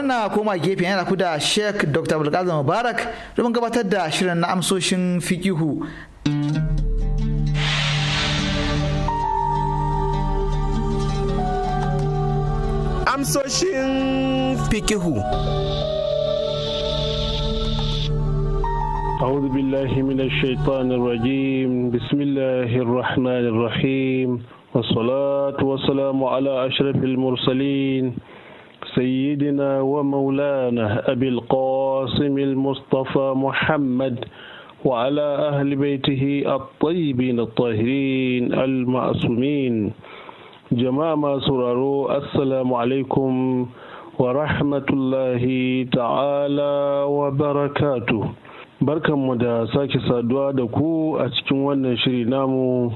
na koma gefe yana ku da sheik dr abdulkazim mubarak domin gabatar da shirin na amsoshin fikihu amsoshin fikihu أعوذ بالله من الشيطان الرجيم بسم الله الرحمن الرحيم والصلاة والسلام على أشرف المرسلين سيدنا ومولانا أبي القاسم المصطفى محمد وعلى أهل بيته الطيبين الطاهرين المعصومين جماعة سرارو السلام عليكم ورحمة الله تعالى وبركاته barkanmu da sake saduwa da ku a cikin wannan shiri namu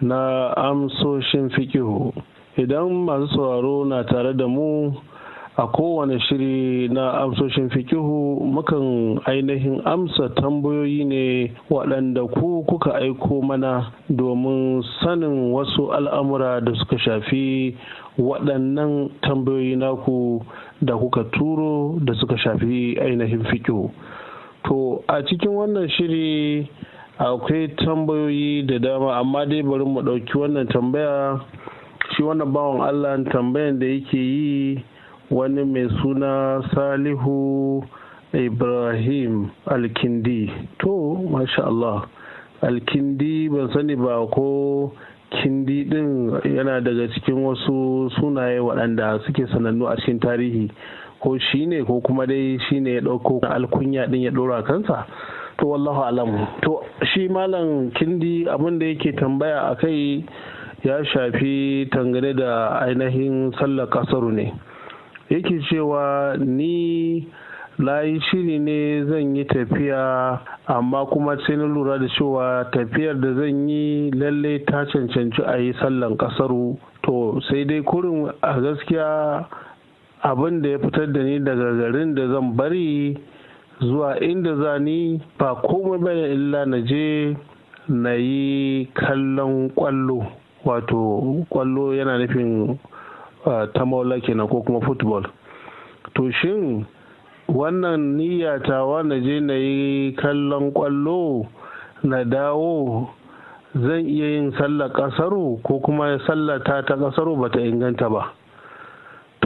na amsoshin fikihu idan masu sauraro na tare da mu a kowane shiri na amsoshin fikihu mukan ainihin amsa tambayoyi ne waɗanda ku kuka aiko mana domin sanin wasu al'amura da suka shafi waɗannan tambayoyi naku da kuka turo da suka shafi ainihin fikihu To a cikin wannan shiri akwai tambayoyi da dama amma dai bari mu ɗauki wannan tambaya shi wannan bawan Allah tambayan da yake yi wani mai suna Salihu Ibrahim Alkindi. To, masha Allah, Alkindi ban sani ba ko kindi din yana daga cikin wasu sunaye waɗanda suke sanannu a cikin tarihi. ko shi ne ko kuma dai shi ne ya ɗauko alkunya ɗin ya ɗora kansa to wallahu alam to shi malam kindi abin da yake tambaya a kai ya shafi tangane da ainihin sallar kasaru ne yake cewa ni layi shiri ne zan yi tafiya amma kuma sai na lura da cewa tafiyar da zan yi lalle ta cancanci a yi sallan kasaru to sai dai kurin a gaskiya abin da ya fitar da ni daga garin da zan bari zuwa inda za ni ba komai bane illa na je na yi kallon kwallo wato kwallo yana nufin ta maula na ko kuma football to shin wannan niyyata tawa na je na yi kallon kwallo na dawo zan iya yin sallar kasaru ko kuma sallata ta kasaru ta inganta ba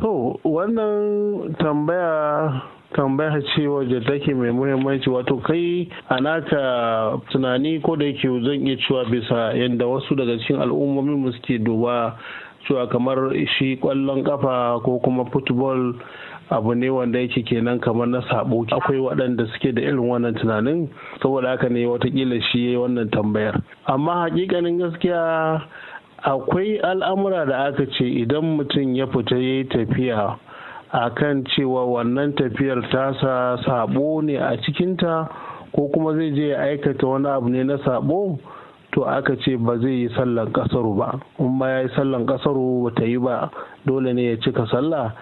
To, wannan tambaya tambaya ce wadda take mai muhimmanci wato kai a naka tunani ko da yake zan iya cewa bisa yadda wasu daga cikin al'ummomin mu suke duba cewa kamar shi kwallon kafa ko kuma football abu ne wanda yake kenan kamar na sabo akwai waɗanda suke da irin wannan tunanin saboda haka ne watakila shi wannan tambayar amma hakikanin gaskiya akwai al'amura da aka ce idan mutum ya fita ya yi tafiya a kan cewa wannan tafiyar tasa sabo ne a cikinta ko kuma zai je ya aikata wani abu ne na sabo to aka ce ba zai yi sallan kasaru ba in ba ya yi sallan kasaru ba ta yi ba dole ne ya cika sallah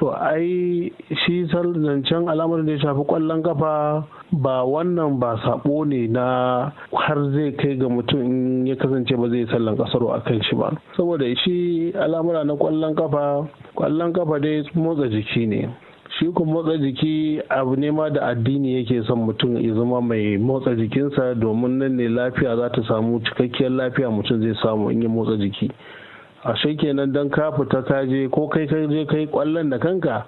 to ai shi zancen alamar da ya shafi kwallon kafa ba wannan ba sabo ne na har zai kai ga mutum in ya kasance ba zai sallan kasaro a kan shi ba saboda shi al'amura na kwallon kafa kwallon kafa dai motsa jiki ne shi kuma motsa jiki abu ne ma da addini yake son mutum ya zama mai motsa jikinsa domin nan ne lafiya za ta samu cikakkiyar lafiya mutum zai samu in ya motsa jiki a kenan don ka fita ka je ko kai ka je kai kwallon da kanka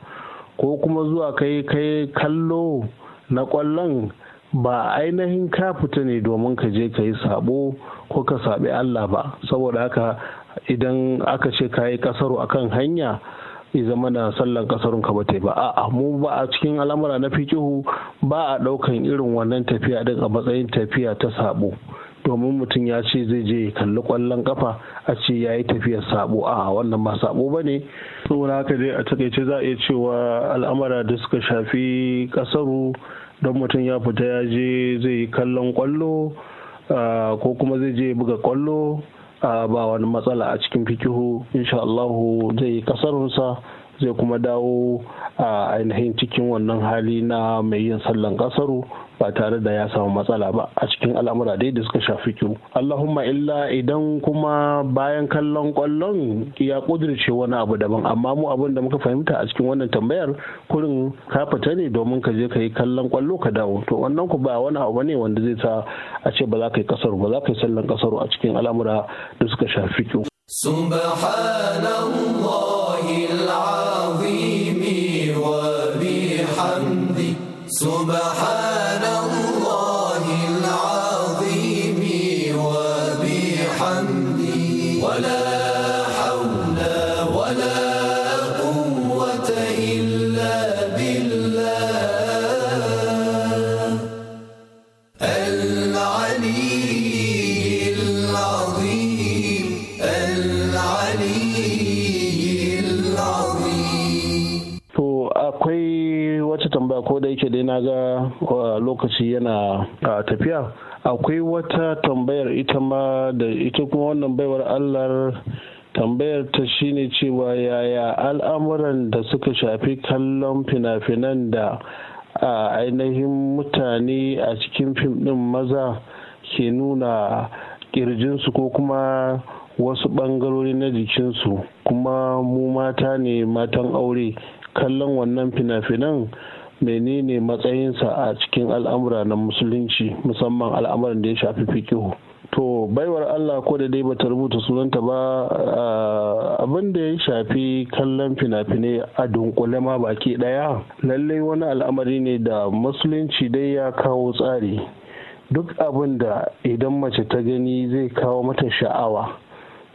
ko kuma zuwa kai kai kallo na kwallon ba ainihin ka fita ne domin ka je ka yi sabo ko ka saɓi Allah ba saboda haka idan aka ce ka yi kasaru kan hanya ya zama da sallan kasarun ka bata ba a'a mu ba a cikin al'amura na fikihu ba a daukan irin wannan tafiya din a matsayin tafiya ta sabo domin mutum ya ce zai je kalli kwallon kafa a ce ya yi tafiyar sabo a wannan ba sabo ba ne saboda haka dai a takaice za a iya cewa al'amara da suka shafi kasaru don mutum ya fita ya je zai yi kallon kwallo ko kuma zai je buga kwallo ba wani matsala a cikin fikihu insha Allahu zai yi kasarunsa zai kuma dawo a ainihin cikin wannan hali na mai yin sallan kasaru ba tare da ya samu matsala ba a cikin al'amura dai da suka shafi kyau. allahumma illa idan kuma bayan kallon kwallon ya kudirce wani abu daban amma mu abin da muka fahimta a cikin wannan tambayar kurin ka fita ne domin ka je ka yi kallon kwallo ka dawo to wannan ku ba wani abu ne wanda zai sa a ce ba za ka yi kasaru ba za ka yi sallan kasaru a cikin al'amura da suka shafi kiru subhanallah سبحان الله العظيم na ga uh, lokaci yana uh, tafiya akwai wata tambayar ita ma da ita kuma wannan baiwar allar tambayar ta shine cewa yaya al'amuran da suka shafi kallon fina-finan da a uh, ainihin mutane a cikin fim din maza ke nuna kirjinsu ko kuma wasu bangarori na jikinsu kuma mu mata ne matan aure kallon wannan fina-finan menene matsayinsa a cikin al'amura na musulunci musamman al'amuran da ya shafi fikihu to baiwar allah ko da dai bata rubuta sunanta ba ah, abin da ya shafi kallon fina-finai a dunkule ma baki daya lallai wani al'amari ne da musulunci dai ya kawo tsari duk abin da idan mace ta gani zai kawo mata sha'awa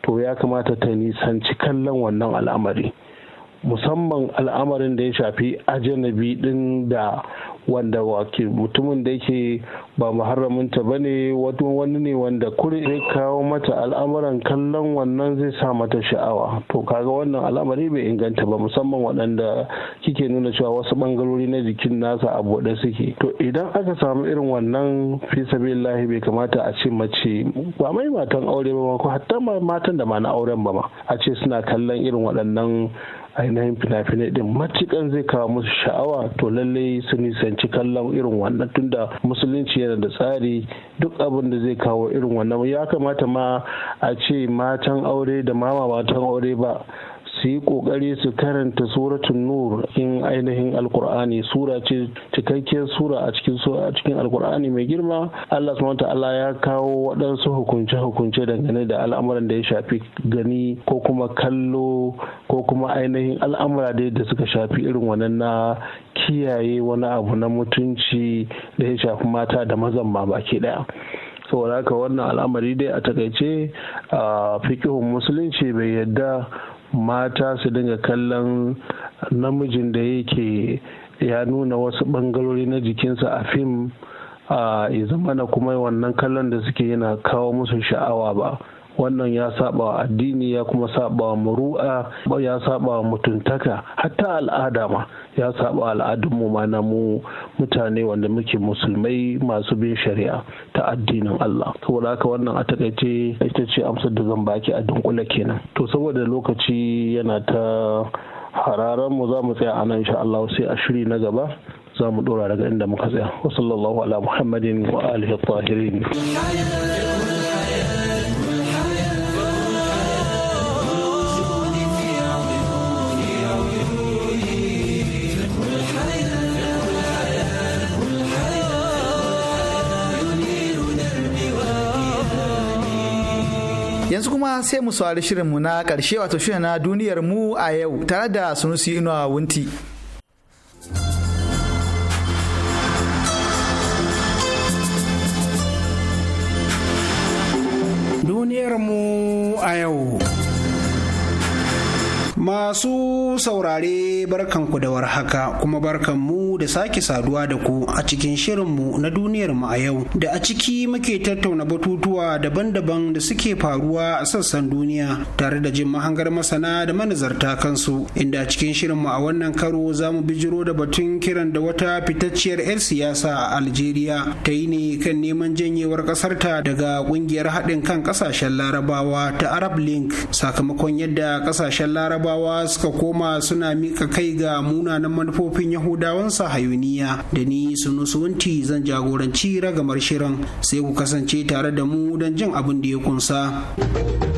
to ya kamata ta nisanci kallon wannan al'amari. musamman al'amarin da ya shafi ajanabi din da wanda wake mutumin da yake ba muharraminta ba ne wani ne wanda kuri zai kawo mata al'amuran kallon wannan zai sa mata sha'awa to kaga wannan al'amari bai inganta ba musamman waɗanda kike nuna cewa wasu bangarori na jikin nasa a buɗe suke to idan aka samu irin wannan fi sabilillahi bai kamata a ce mace ba mai matan aure ba ko hatta matan da ma na auren ba ma a ce suna kallon irin waɗannan ainihin fina-finai din matukan zai kawo musu sha'awa to lallai su nisanci kallon irin wannan tunda musulunci yana da tsari duk abin da zai kawo irin wannan ya kamata ma a ce matan aure da mama matan aure ba su yi kokari su karanta suratun nur in ainihin alkur'ani sura ce cikakkiyar sura a cikin a cikin alkur'ani mai girma Allah subhanahu ta'ala ya kawo waɗansu hukunce hukunce dangane da al'amuran da ya shafi gani ko kuma kallo ko kuma ainihin al'amura da suka shafi irin wannan na kiyaye wani abu na mutunci da ya shafi mata da mazan ma baki daya saboda haka wannan al'amari dai a takaice a fikihun musulunci bai yadda mata su dinga kallon namijin da yake ya nuna wasu bangarori na jikinsa a fim ya zama na kuma wannan kallon da suke yana kawo musu sha'awa ba wannan ya saba wa addini ya kuma saba wa muru'a ya saba wa mutuntaka hatta al'ada ma ya saba al'adunmu ma na mu mutane wanda muke musulmai masu bin shari'a ta addinin Allah saboda haka wannan a takaice ita ce amsar da zan baki a dunkule kenan to saboda lokaci yana ta hararen mu za mu tsaya a nan insha Allah sai a shiri na gaba za mu dora daga inda muka tsaya wa ala muhammadin wa alihi tahirin yanzu kuma sai mu saurari mu na ƙarshe wato shirin na duniyar mu a yau tare da sunusi inuwa wunti. Duniyar mu a yau. Masu saurare barkanku da warhaka kuma barkanmu da sake saduwa da ku a cikin shirinmu na duniyar mu a yau da a ciki muke tattauna batutuwa daban-daban da suke faruwa a sassan duniya tare da jin mahangar masana da manazarta kansu inda a cikin shirinmu a wannan karo za mu bijiro da batun kiran da wata fitacciyar 'yar siyasa a Algeria ta yi ne kan neman janyewar ƙasarta daga ƙungiyar haɗin kan ƙasashen Larabawa ta Arab Link sakamakon yadda ƙasashen Larabawa Yahudawa suka koma suna mika kai ga munanan manufofin yahudawan sahayuniya da ni sunusunti zan jagoranci ragamar shirin sai ku kasance tare da mu don jin abin da ya kunsa.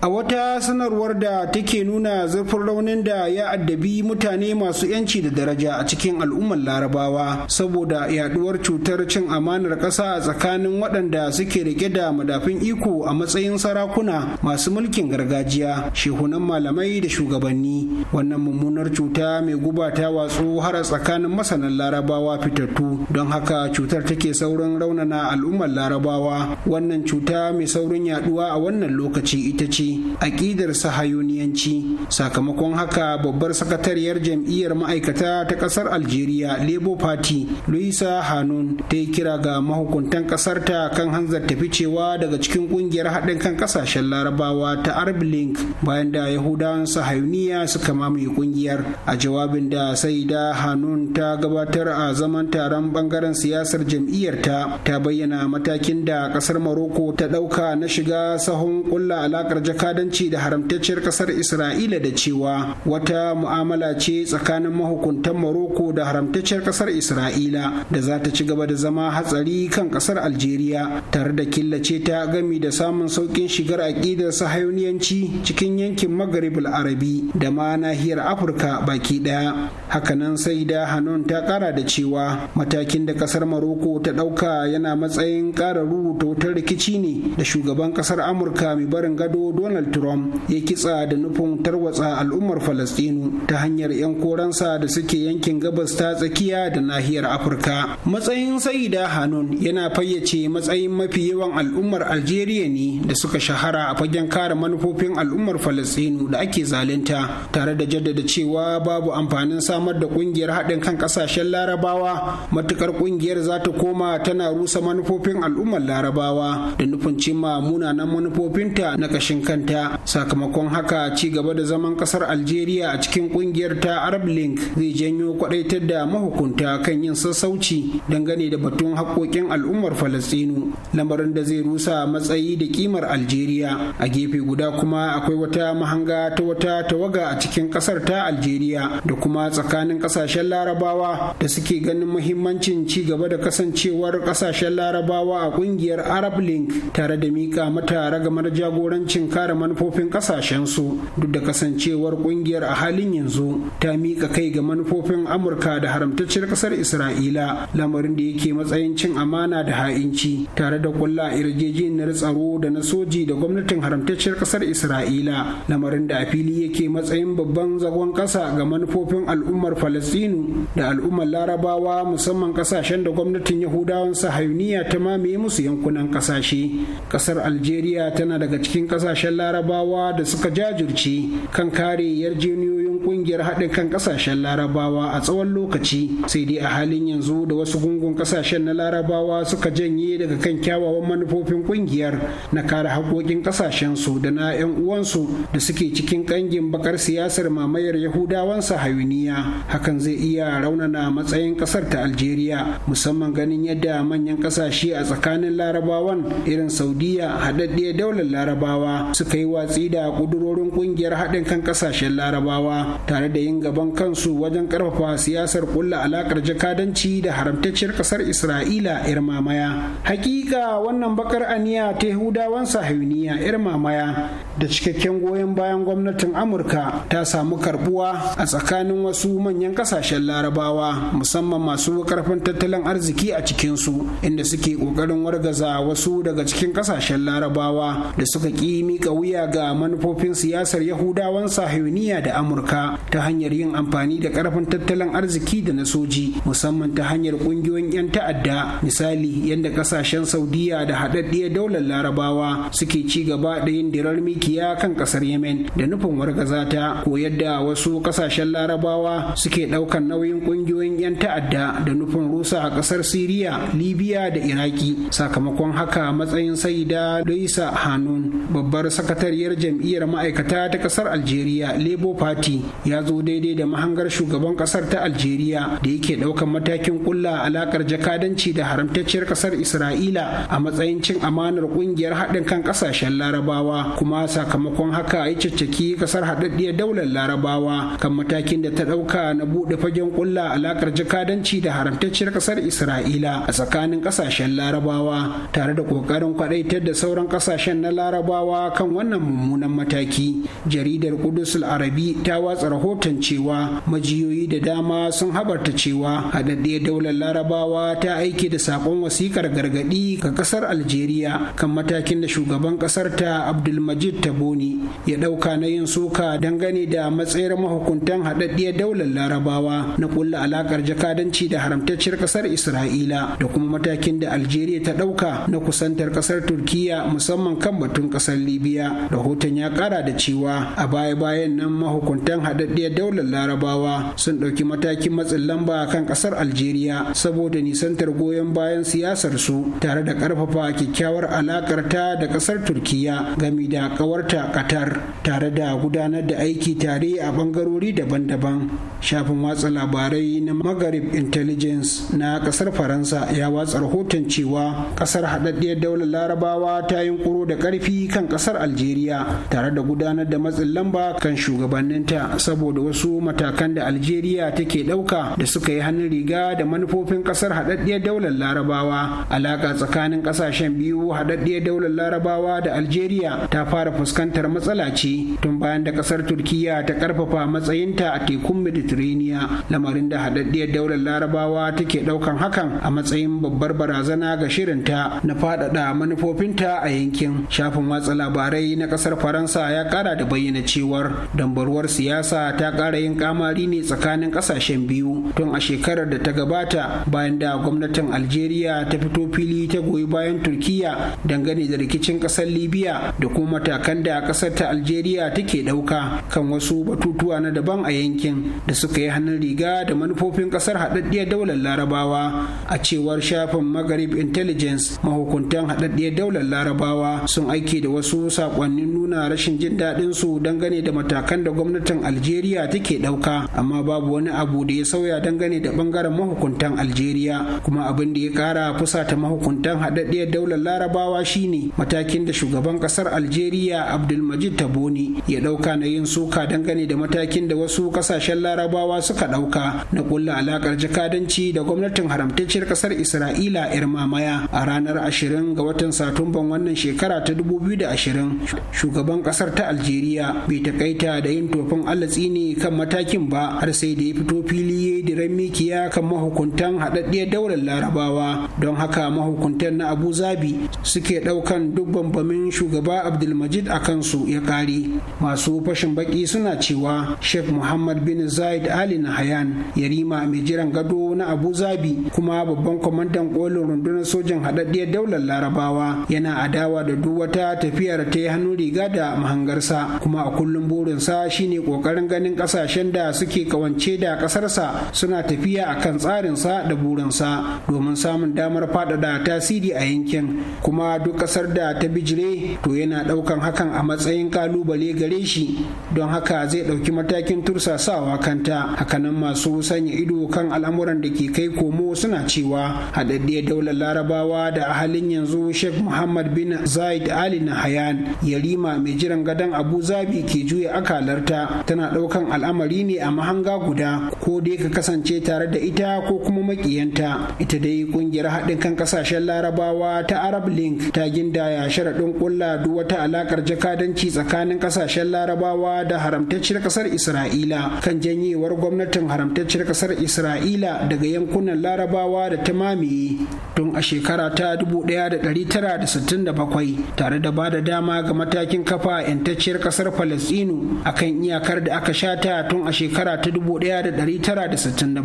a wata sanarwar da take nuna zurfin raunin da ya addabi mutane masu yanci da daraja a cikin al'ummar larabawa saboda yaduwar cutar cin amanar ƙasa a tsakanin waɗanda suke rike da madafin iko a matsayin sarakuna masu mulkin gargajiya shehunan malamai da shugabanni wannan mummunar cuta mai guba ta watsu har a tsakanin masanan larabawa fitattu don haka cutar take saurin raunana al'ummar larabawa wannan cuta mai saurin yaduwa a wannan lokaci ita ce aƙidar sahayuniyanci sakamakon haka babbar sakatariyar jam'iyyar ma'aikata ta ƙasar algeria labour party luisa hanun ta yi kira ga mahukuntan ƙasar ta kan hanzarta ficewa daga cikin ƙungiyar haɗin kan ƙasashen larabawa ta arab link bayan da yahudawan sahayuniya suka mamaye ƙungiyar a jawabin da sai da hanun ta gabatar a zaman taron ɓangaren siyasar jam'iyyar ta ta bayyana matakin da ƙasar maroko ta ɗauka na shiga sahun ƙulla alaƙar jakadanci da haramtacciyar kasar isra'ila da cewa wata mu'amala ce tsakanin mahukuntan maroko da haramtacciyar kasar isra'ila da za ta ci gaba da zama hatsari kan kasar algeria tare da killace ta gami da samun saukin shigar aƙidar sahayuniyanci cikin yankin magharib arabi da ma nahiyar afirka baki daya nan sai da hanon ta kara da cewa matakin da kasar maroko ta ɗauka yana matsayin ƙara rubuta wutar rikici ne da shugaban kasar amurka mai barin gado donald trump ya kitsa da nufin tarwatsa al'ummar falastinu ta hanyar 'yan koransa da suke yankin gabas ta tsakiya da nahiyar afirka matsayin sayida hanun yana fayyace matsayin mafi yawan al'ummar algeria ne da suka shahara a fagen kare manufofin al'ummar falastinu da ake zalunta tare da jaddada cewa babu amfanin samar da kungiyar haɗin kan ƙasashen larabawa matukar kungiyar za ta koma tana rusa manufofin al'ummar larabawa da nufin cimma munanan manufofinta na kashin kan kanta sakamakon haka ci gaba da zaman kasar algeria a cikin kungiyar ta arab link zai janyo kwadaitar da mahukunta kan yin sassauci dangane da batun haƙoƙin al'ummar falastinu lamarin da zai rusa matsayi da kimar algeria a gefe guda kuma akwai wata mahanga ta wata tawaga a cikin kasar ta algeria da kuma tsakanin kasashen larabawa da suke ganin muhimmancin ci gaba da kasancewar kasashen larabawa a kungiyar arab link tare da mika mata ragamar jagorancin kare kare manufofin kasashensu duk da kasancewar kungiyar a halin yanzu ta miƙa kai ga manufofin amurka da haramtacciyar ƙasar isra'ila lamarin da yake matsayin cin amana da ha'inci tare da kulla yarjejeniyar tsaro da na soji da gwamnatin haramtacciyar ƙasar isra'ila lamarin da a fili yake matsayin babban zagon ƙasa ga manufofin al'ummar falastinu da al'ummar larabawa musamman ƙasashen da gwamnatin yahudawan sahayuniya ta mamaye musu yankunan ƙasashe ƙasar algeria tana daga cikin ƙasashen larabawa da suka jajirce kan kare yarjejeniyoyin kungiyar haɗin kan ƙasashen larabawa a tsawon lokaci sai dai a halin yanzu da wasu gungun ƙasashen na larabawa suka janye daga kan kyawawan manufofin kungiyar na kare haƙoƙin ƙasashen su da na 'yan uwansu da suke cikin ƙangin bakar siyasar mamayar yahudawan sahayuniya hakan zai iya raunana matsayin ƙasar ta Aljeriya musamman ganin yadda manyan ƙasashe a tsakanin larabawan irin saudiya haɗaɗɗiyar daular larabawa suka yi watsi da ƙudurorin ƙungiyar haɗin kan ƙasashen larabawa tare da yin gaban kansu wajen karfafa siyasar kulla alakar jakadanci da haramtacciyar kasar isra'ila yar mamaya hakika wannan bakar aniya ta yahudawan sahiyuniya yar mamaya da cikakken goyon bayan gwamnatin amurka ta samu karbuwa a tsakanin wasu manyan kasashen larabawa musamman masu karfin tattalin arziki a cikinsu inda suke kokarin wargaza wasu daga cikin kasashen larabawa da suka ƙi miƙa wuya ga manufofin siyasar yahudawan sahiyuniya da amurka ta hanyar yin amfani da karfin tattalin arziki da na soji musamman ta hanyar kungiyoyin 'yan ta'adda misali yadda kasashen saudiya da haɗaɗɗiyar daular larabawa suke ci gaba da yin dirar mikiya kan ƙasar yemen da nufin wargaza ta ko yadda wasu kasashen larabawa suke ɗaukar nauyin kungiyoyin 'yan ta'adda da nufin rusa a ƙasar siriya libya da iraki sakamakon haka matsayin saida Luisa Hanun babbar sakatariyar jam'iyyar ma'aikata ta ƙasar Algeria Labour Party ya zo daidai da mahangar shugaban kasar ta Aljeriya da yake daukan matakin kulla alakar jakadanci da haramtacciyar kasar isra'ila a matsayin cin amanar kungiyar haɗin kan kasashen larabawa kuma sakamakon haka ya caccaki kasar haɗaɗɗiyar daular larabawa kan matakin da ta ɗauka na buɗe fagen kulla alakar jakadanci da haramtacciyar kasar isra'ila a tsakanin kasashen larabawa tare da ƙoƙarin kwaɗaitar da sauran kasashen na larabawa kan wannan mummunan mataki jaridar kudusul arabi ta watsa watsa rahoton cewa majiyoyi da dama sun habarta cewa haɗaɗɗiyar daular larabawa ta aiki da saƙon wasikar gargaɗi ga ƙasar Aljeriya kan matakin da shugaban ƙasar ta abdulmajid taboni ya ɗauka na yin suka dangane da matsayar mahukuntan haɗaɗɗiyar daular larabawa na kulla alaƙar jakadanci da haramtacciyar ƙasar isra'ila da kuma matakin da Aljeriya ta ɗauka na kusantar ƙasar turkiya musamman kan batun ƙasar libya rahoton ya ƙara da cewa a baya-bayan nan mahukuntan haɗaɗɗiyar daular larabawa sun ɗauki matakin matsin lamba kan ƙasar algeria saboda nisantar goyon bayan siyasar su tare da ƙarfafa kyakkyawar alaƙar ta da ƙasar turkiya gami da ƙawarta qatar tare da gudanar da aiki tare a ɓangarori daban-daban shafin watsa labarai na magharib intelligence na ƙasar faransa ya watsa rahoton cewa ƙasar haɗaɗɗiyar daular larabawa ta yi da ƙarfi kan ƙasar algeria tare da gudanar da matsin lamba kan shugabanninta saboda wasu matakan da algeria take ɗauka da suka yi hannun riga da manufofin ƙasar haɗaɗɗiyar daular larabawa alaƙa tsakanin ƙasashen biyu haɗaɗɗiyar daular larabawa da algeria ta fara fuskantar matsala ce tun bayan da ƙasar turkiya ta ƙarfafa matsayinta a tekun mediterania lamarin da haɗaɗɗiyar daular larabawa take ɗaukan hakan a matsayin babbar barazana ga shirinta na faɗaɗa manufofinta a yankin shafin watsa labarai na ƙasar faransa ya ƙara da bayyana cewar dambarwar siyasa siyasa ta ƙara yin kamari ne tsakanin ƙasashen biyu tun a shekarar da ta gabata bayan da gwamnatin algeria ta fito fili ta goyi bayan turkiya dangane da rikicin ƙasar libya da kuma matakan da ƙasar ta algeria take ɗauka kan wasu batutuwa na daban a yankin da suka yi hannun riga da manufofin ƙasar haɗaɗɗiyar daular larabawa a cewar shafin maghrib intelligence mahukuntan haɗaɗɗiyar daular larabawa sun aiki da wasu saƙonnin nuna rashin jin daɗin su dangane da matakan da gwamnatin algeria algeria take ɗauka amma babu wani abu da ya sauya dangane da ɓangaren mahukuntan algeria kuma abin da ya ƙara fusata mahukuntan haɗaɗɗiyar daular larabawa shine matakin da shugaban ƙasar algeria abdulmajid taboni ya ɗauka na yin suka dangane da matakin da wasu ƙasashen larabawa suka ɗauka na ƙulla alaƙar jakadanci da gwamnatin haramtacciyar ƙasar isra'ila yar mamaya a ranar 20 ga watan satumban wannan shekara ta 2020 shugaban ƙasar ta algeria bai takaita da yin tofin allah ne kan matakin ba har sai da ya fito fili ya yi diran mikiya kan mahukuntan haɗaɗɗiyar daular larabawa don haka mahukuntan na abu zabi suke ɗaukan duk bambamin shugaba abdulmajid a kansu ya ƙari masu fashin baki suna cewa sheikh muhammad bin zaid ali nahayan yarima mai jiran gado na abu zabi kuma babban kwamandan kolin rundunar sojan haɗaɗɗiyar daular larabawa yana adawa da duk wata tafiyar ta yi hannu riga da mahangarsa kuma a kullum burinsa shine ƙoƙarin kokarin ganin kasashen da suke kawance da ƙasarsa suna tafiya a kan tsarinsa da burinsa domin samun damar faɗaɗa tasiri a yankin kuma duk ƙasar da ta bijire to yana ɗaukan hakan a matsayin ƙalubale gare shi don haka zai ɗauki matakin tursasawa kanta hakanan masu sanya ido kan al'amuran da ke kai komo suna cewa haɗaɗɗiyar daular larabawa da a halin yanzu sheikh muhammad bin zaid ali na Hayan, yarima mai jiran gadon abu zabi ke juya akalarta tana ɗaukan al'amari ne a mahanga guda ko dai ka kasance tare da ita ko kuma makiyanta ita dai kungiyar haɗin kan ƙasashen larabawa ta arab link ta ginda ya sharaɗin ƙulla duk wata alaƙar jakadanci tsakanin ƙasashen larabawa da haramtacciyar ƙasar isra'ila kan janyewar gwamnatin haramtacciyar ƙasar isra'ila daga yankunan larabawa da ta mamaye tun a shekara ta 1967 tare da ba da dama ga matakin kafa 'yantacciyar ƙasar falastinu akan iyakar da aka sha ta tun a shekara ta 1967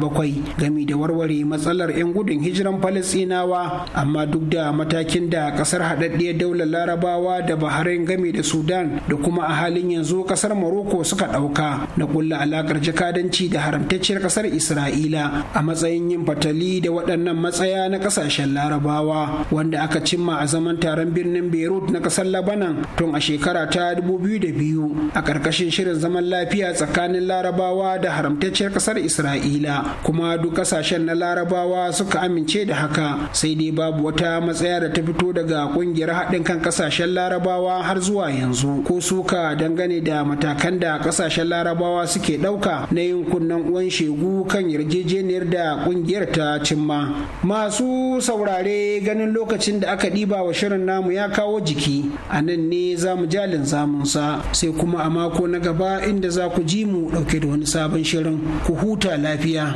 gami da warware matsalar 'yan gudun hijiran falasinawa amma duk da matakin da kasar haɗaɗɗiyar daular larabawa da bahrain game da sudan da kuma a halin yanzu kasar maroko suka ɗauka na kulla alakar jakadanci da haramtacciyar kasar isra'ila a matsayin yin fatali da waɗannan matsaya na ƙasashen larabawa wanda aka cimma a zaman taron birnin beirut na ƙasar labanan tun a shekara ta 2002 a ƙarƙashin shirin zaman lafiya lafiya tsakanin larabawa da haramtacciyar kasar isra'ila kuma duk kasashen na larabawa suka amince da haka sai dai babu wata matsaya da ta fito daga kungiyar haɗin kan kasashen larabawa har zuwa yanzu ko suka dangane da matakan da kasashen larabawa suke ɗauka na yin kunnen uwan shegu kan yarjejeniyar da kungiyar ta cimma masu saurare ganin lokacin da aka ɗiba wa shirin namu ya kawo jiki a nan ne za mu jalin zamunsa sai kuma a mako na gaba inda za za ku ji mu ɗauke da wani sabon shirin ku huta lafiya.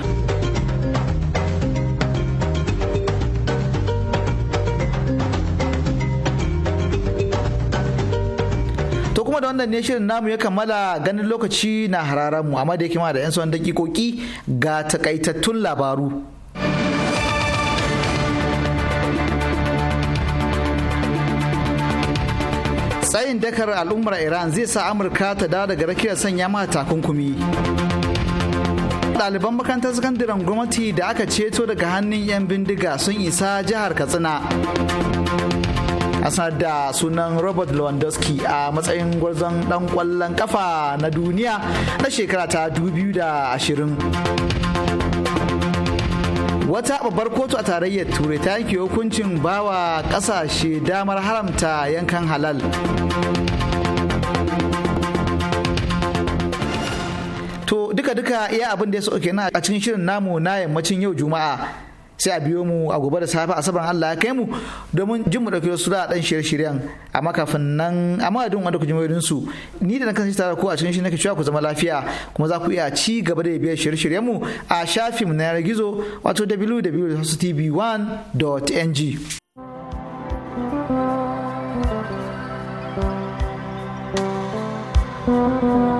kuma da wannan ne shirin namu ya kammala ganin lokaci na hararan mu amma da ya ma da 'yan sauran dakikoki ga takaitattun labaru tsayin dakar al'ummar iran zai sa amurka ta dawo daga rakiyar sanya mata takunkumi ɗaliban makarantar sakandaren gwamnati da aka ceto daga hannun 'yan bindiga sun isa jihar katsina a sanar da sunan robert lewandowski a matsayin gwarzon dan kwallon kafa na duniya na shekara ta 2020 wata babbar kotu a tarayyar turai ta yanke hukuncin bawa kasashe damar haramta yankan halal to duka-duka iya abin da ya sauke na a cikin shirin namu na yammacin yau juma'a sai a biyo mu a gobe da safe asabar Allah ya kai mu domin jin mu dauke su da dan shirye-shiryen amma kafin nan amma madadin wanda ku ji mayoyin ni da kan tare ko a cikin shi nake cewa ku zama lafiya kuma za ku iya ci gaba da biyan shirye-shiryen mu a shafin na yanar gizo wato www.tv1.ng thank you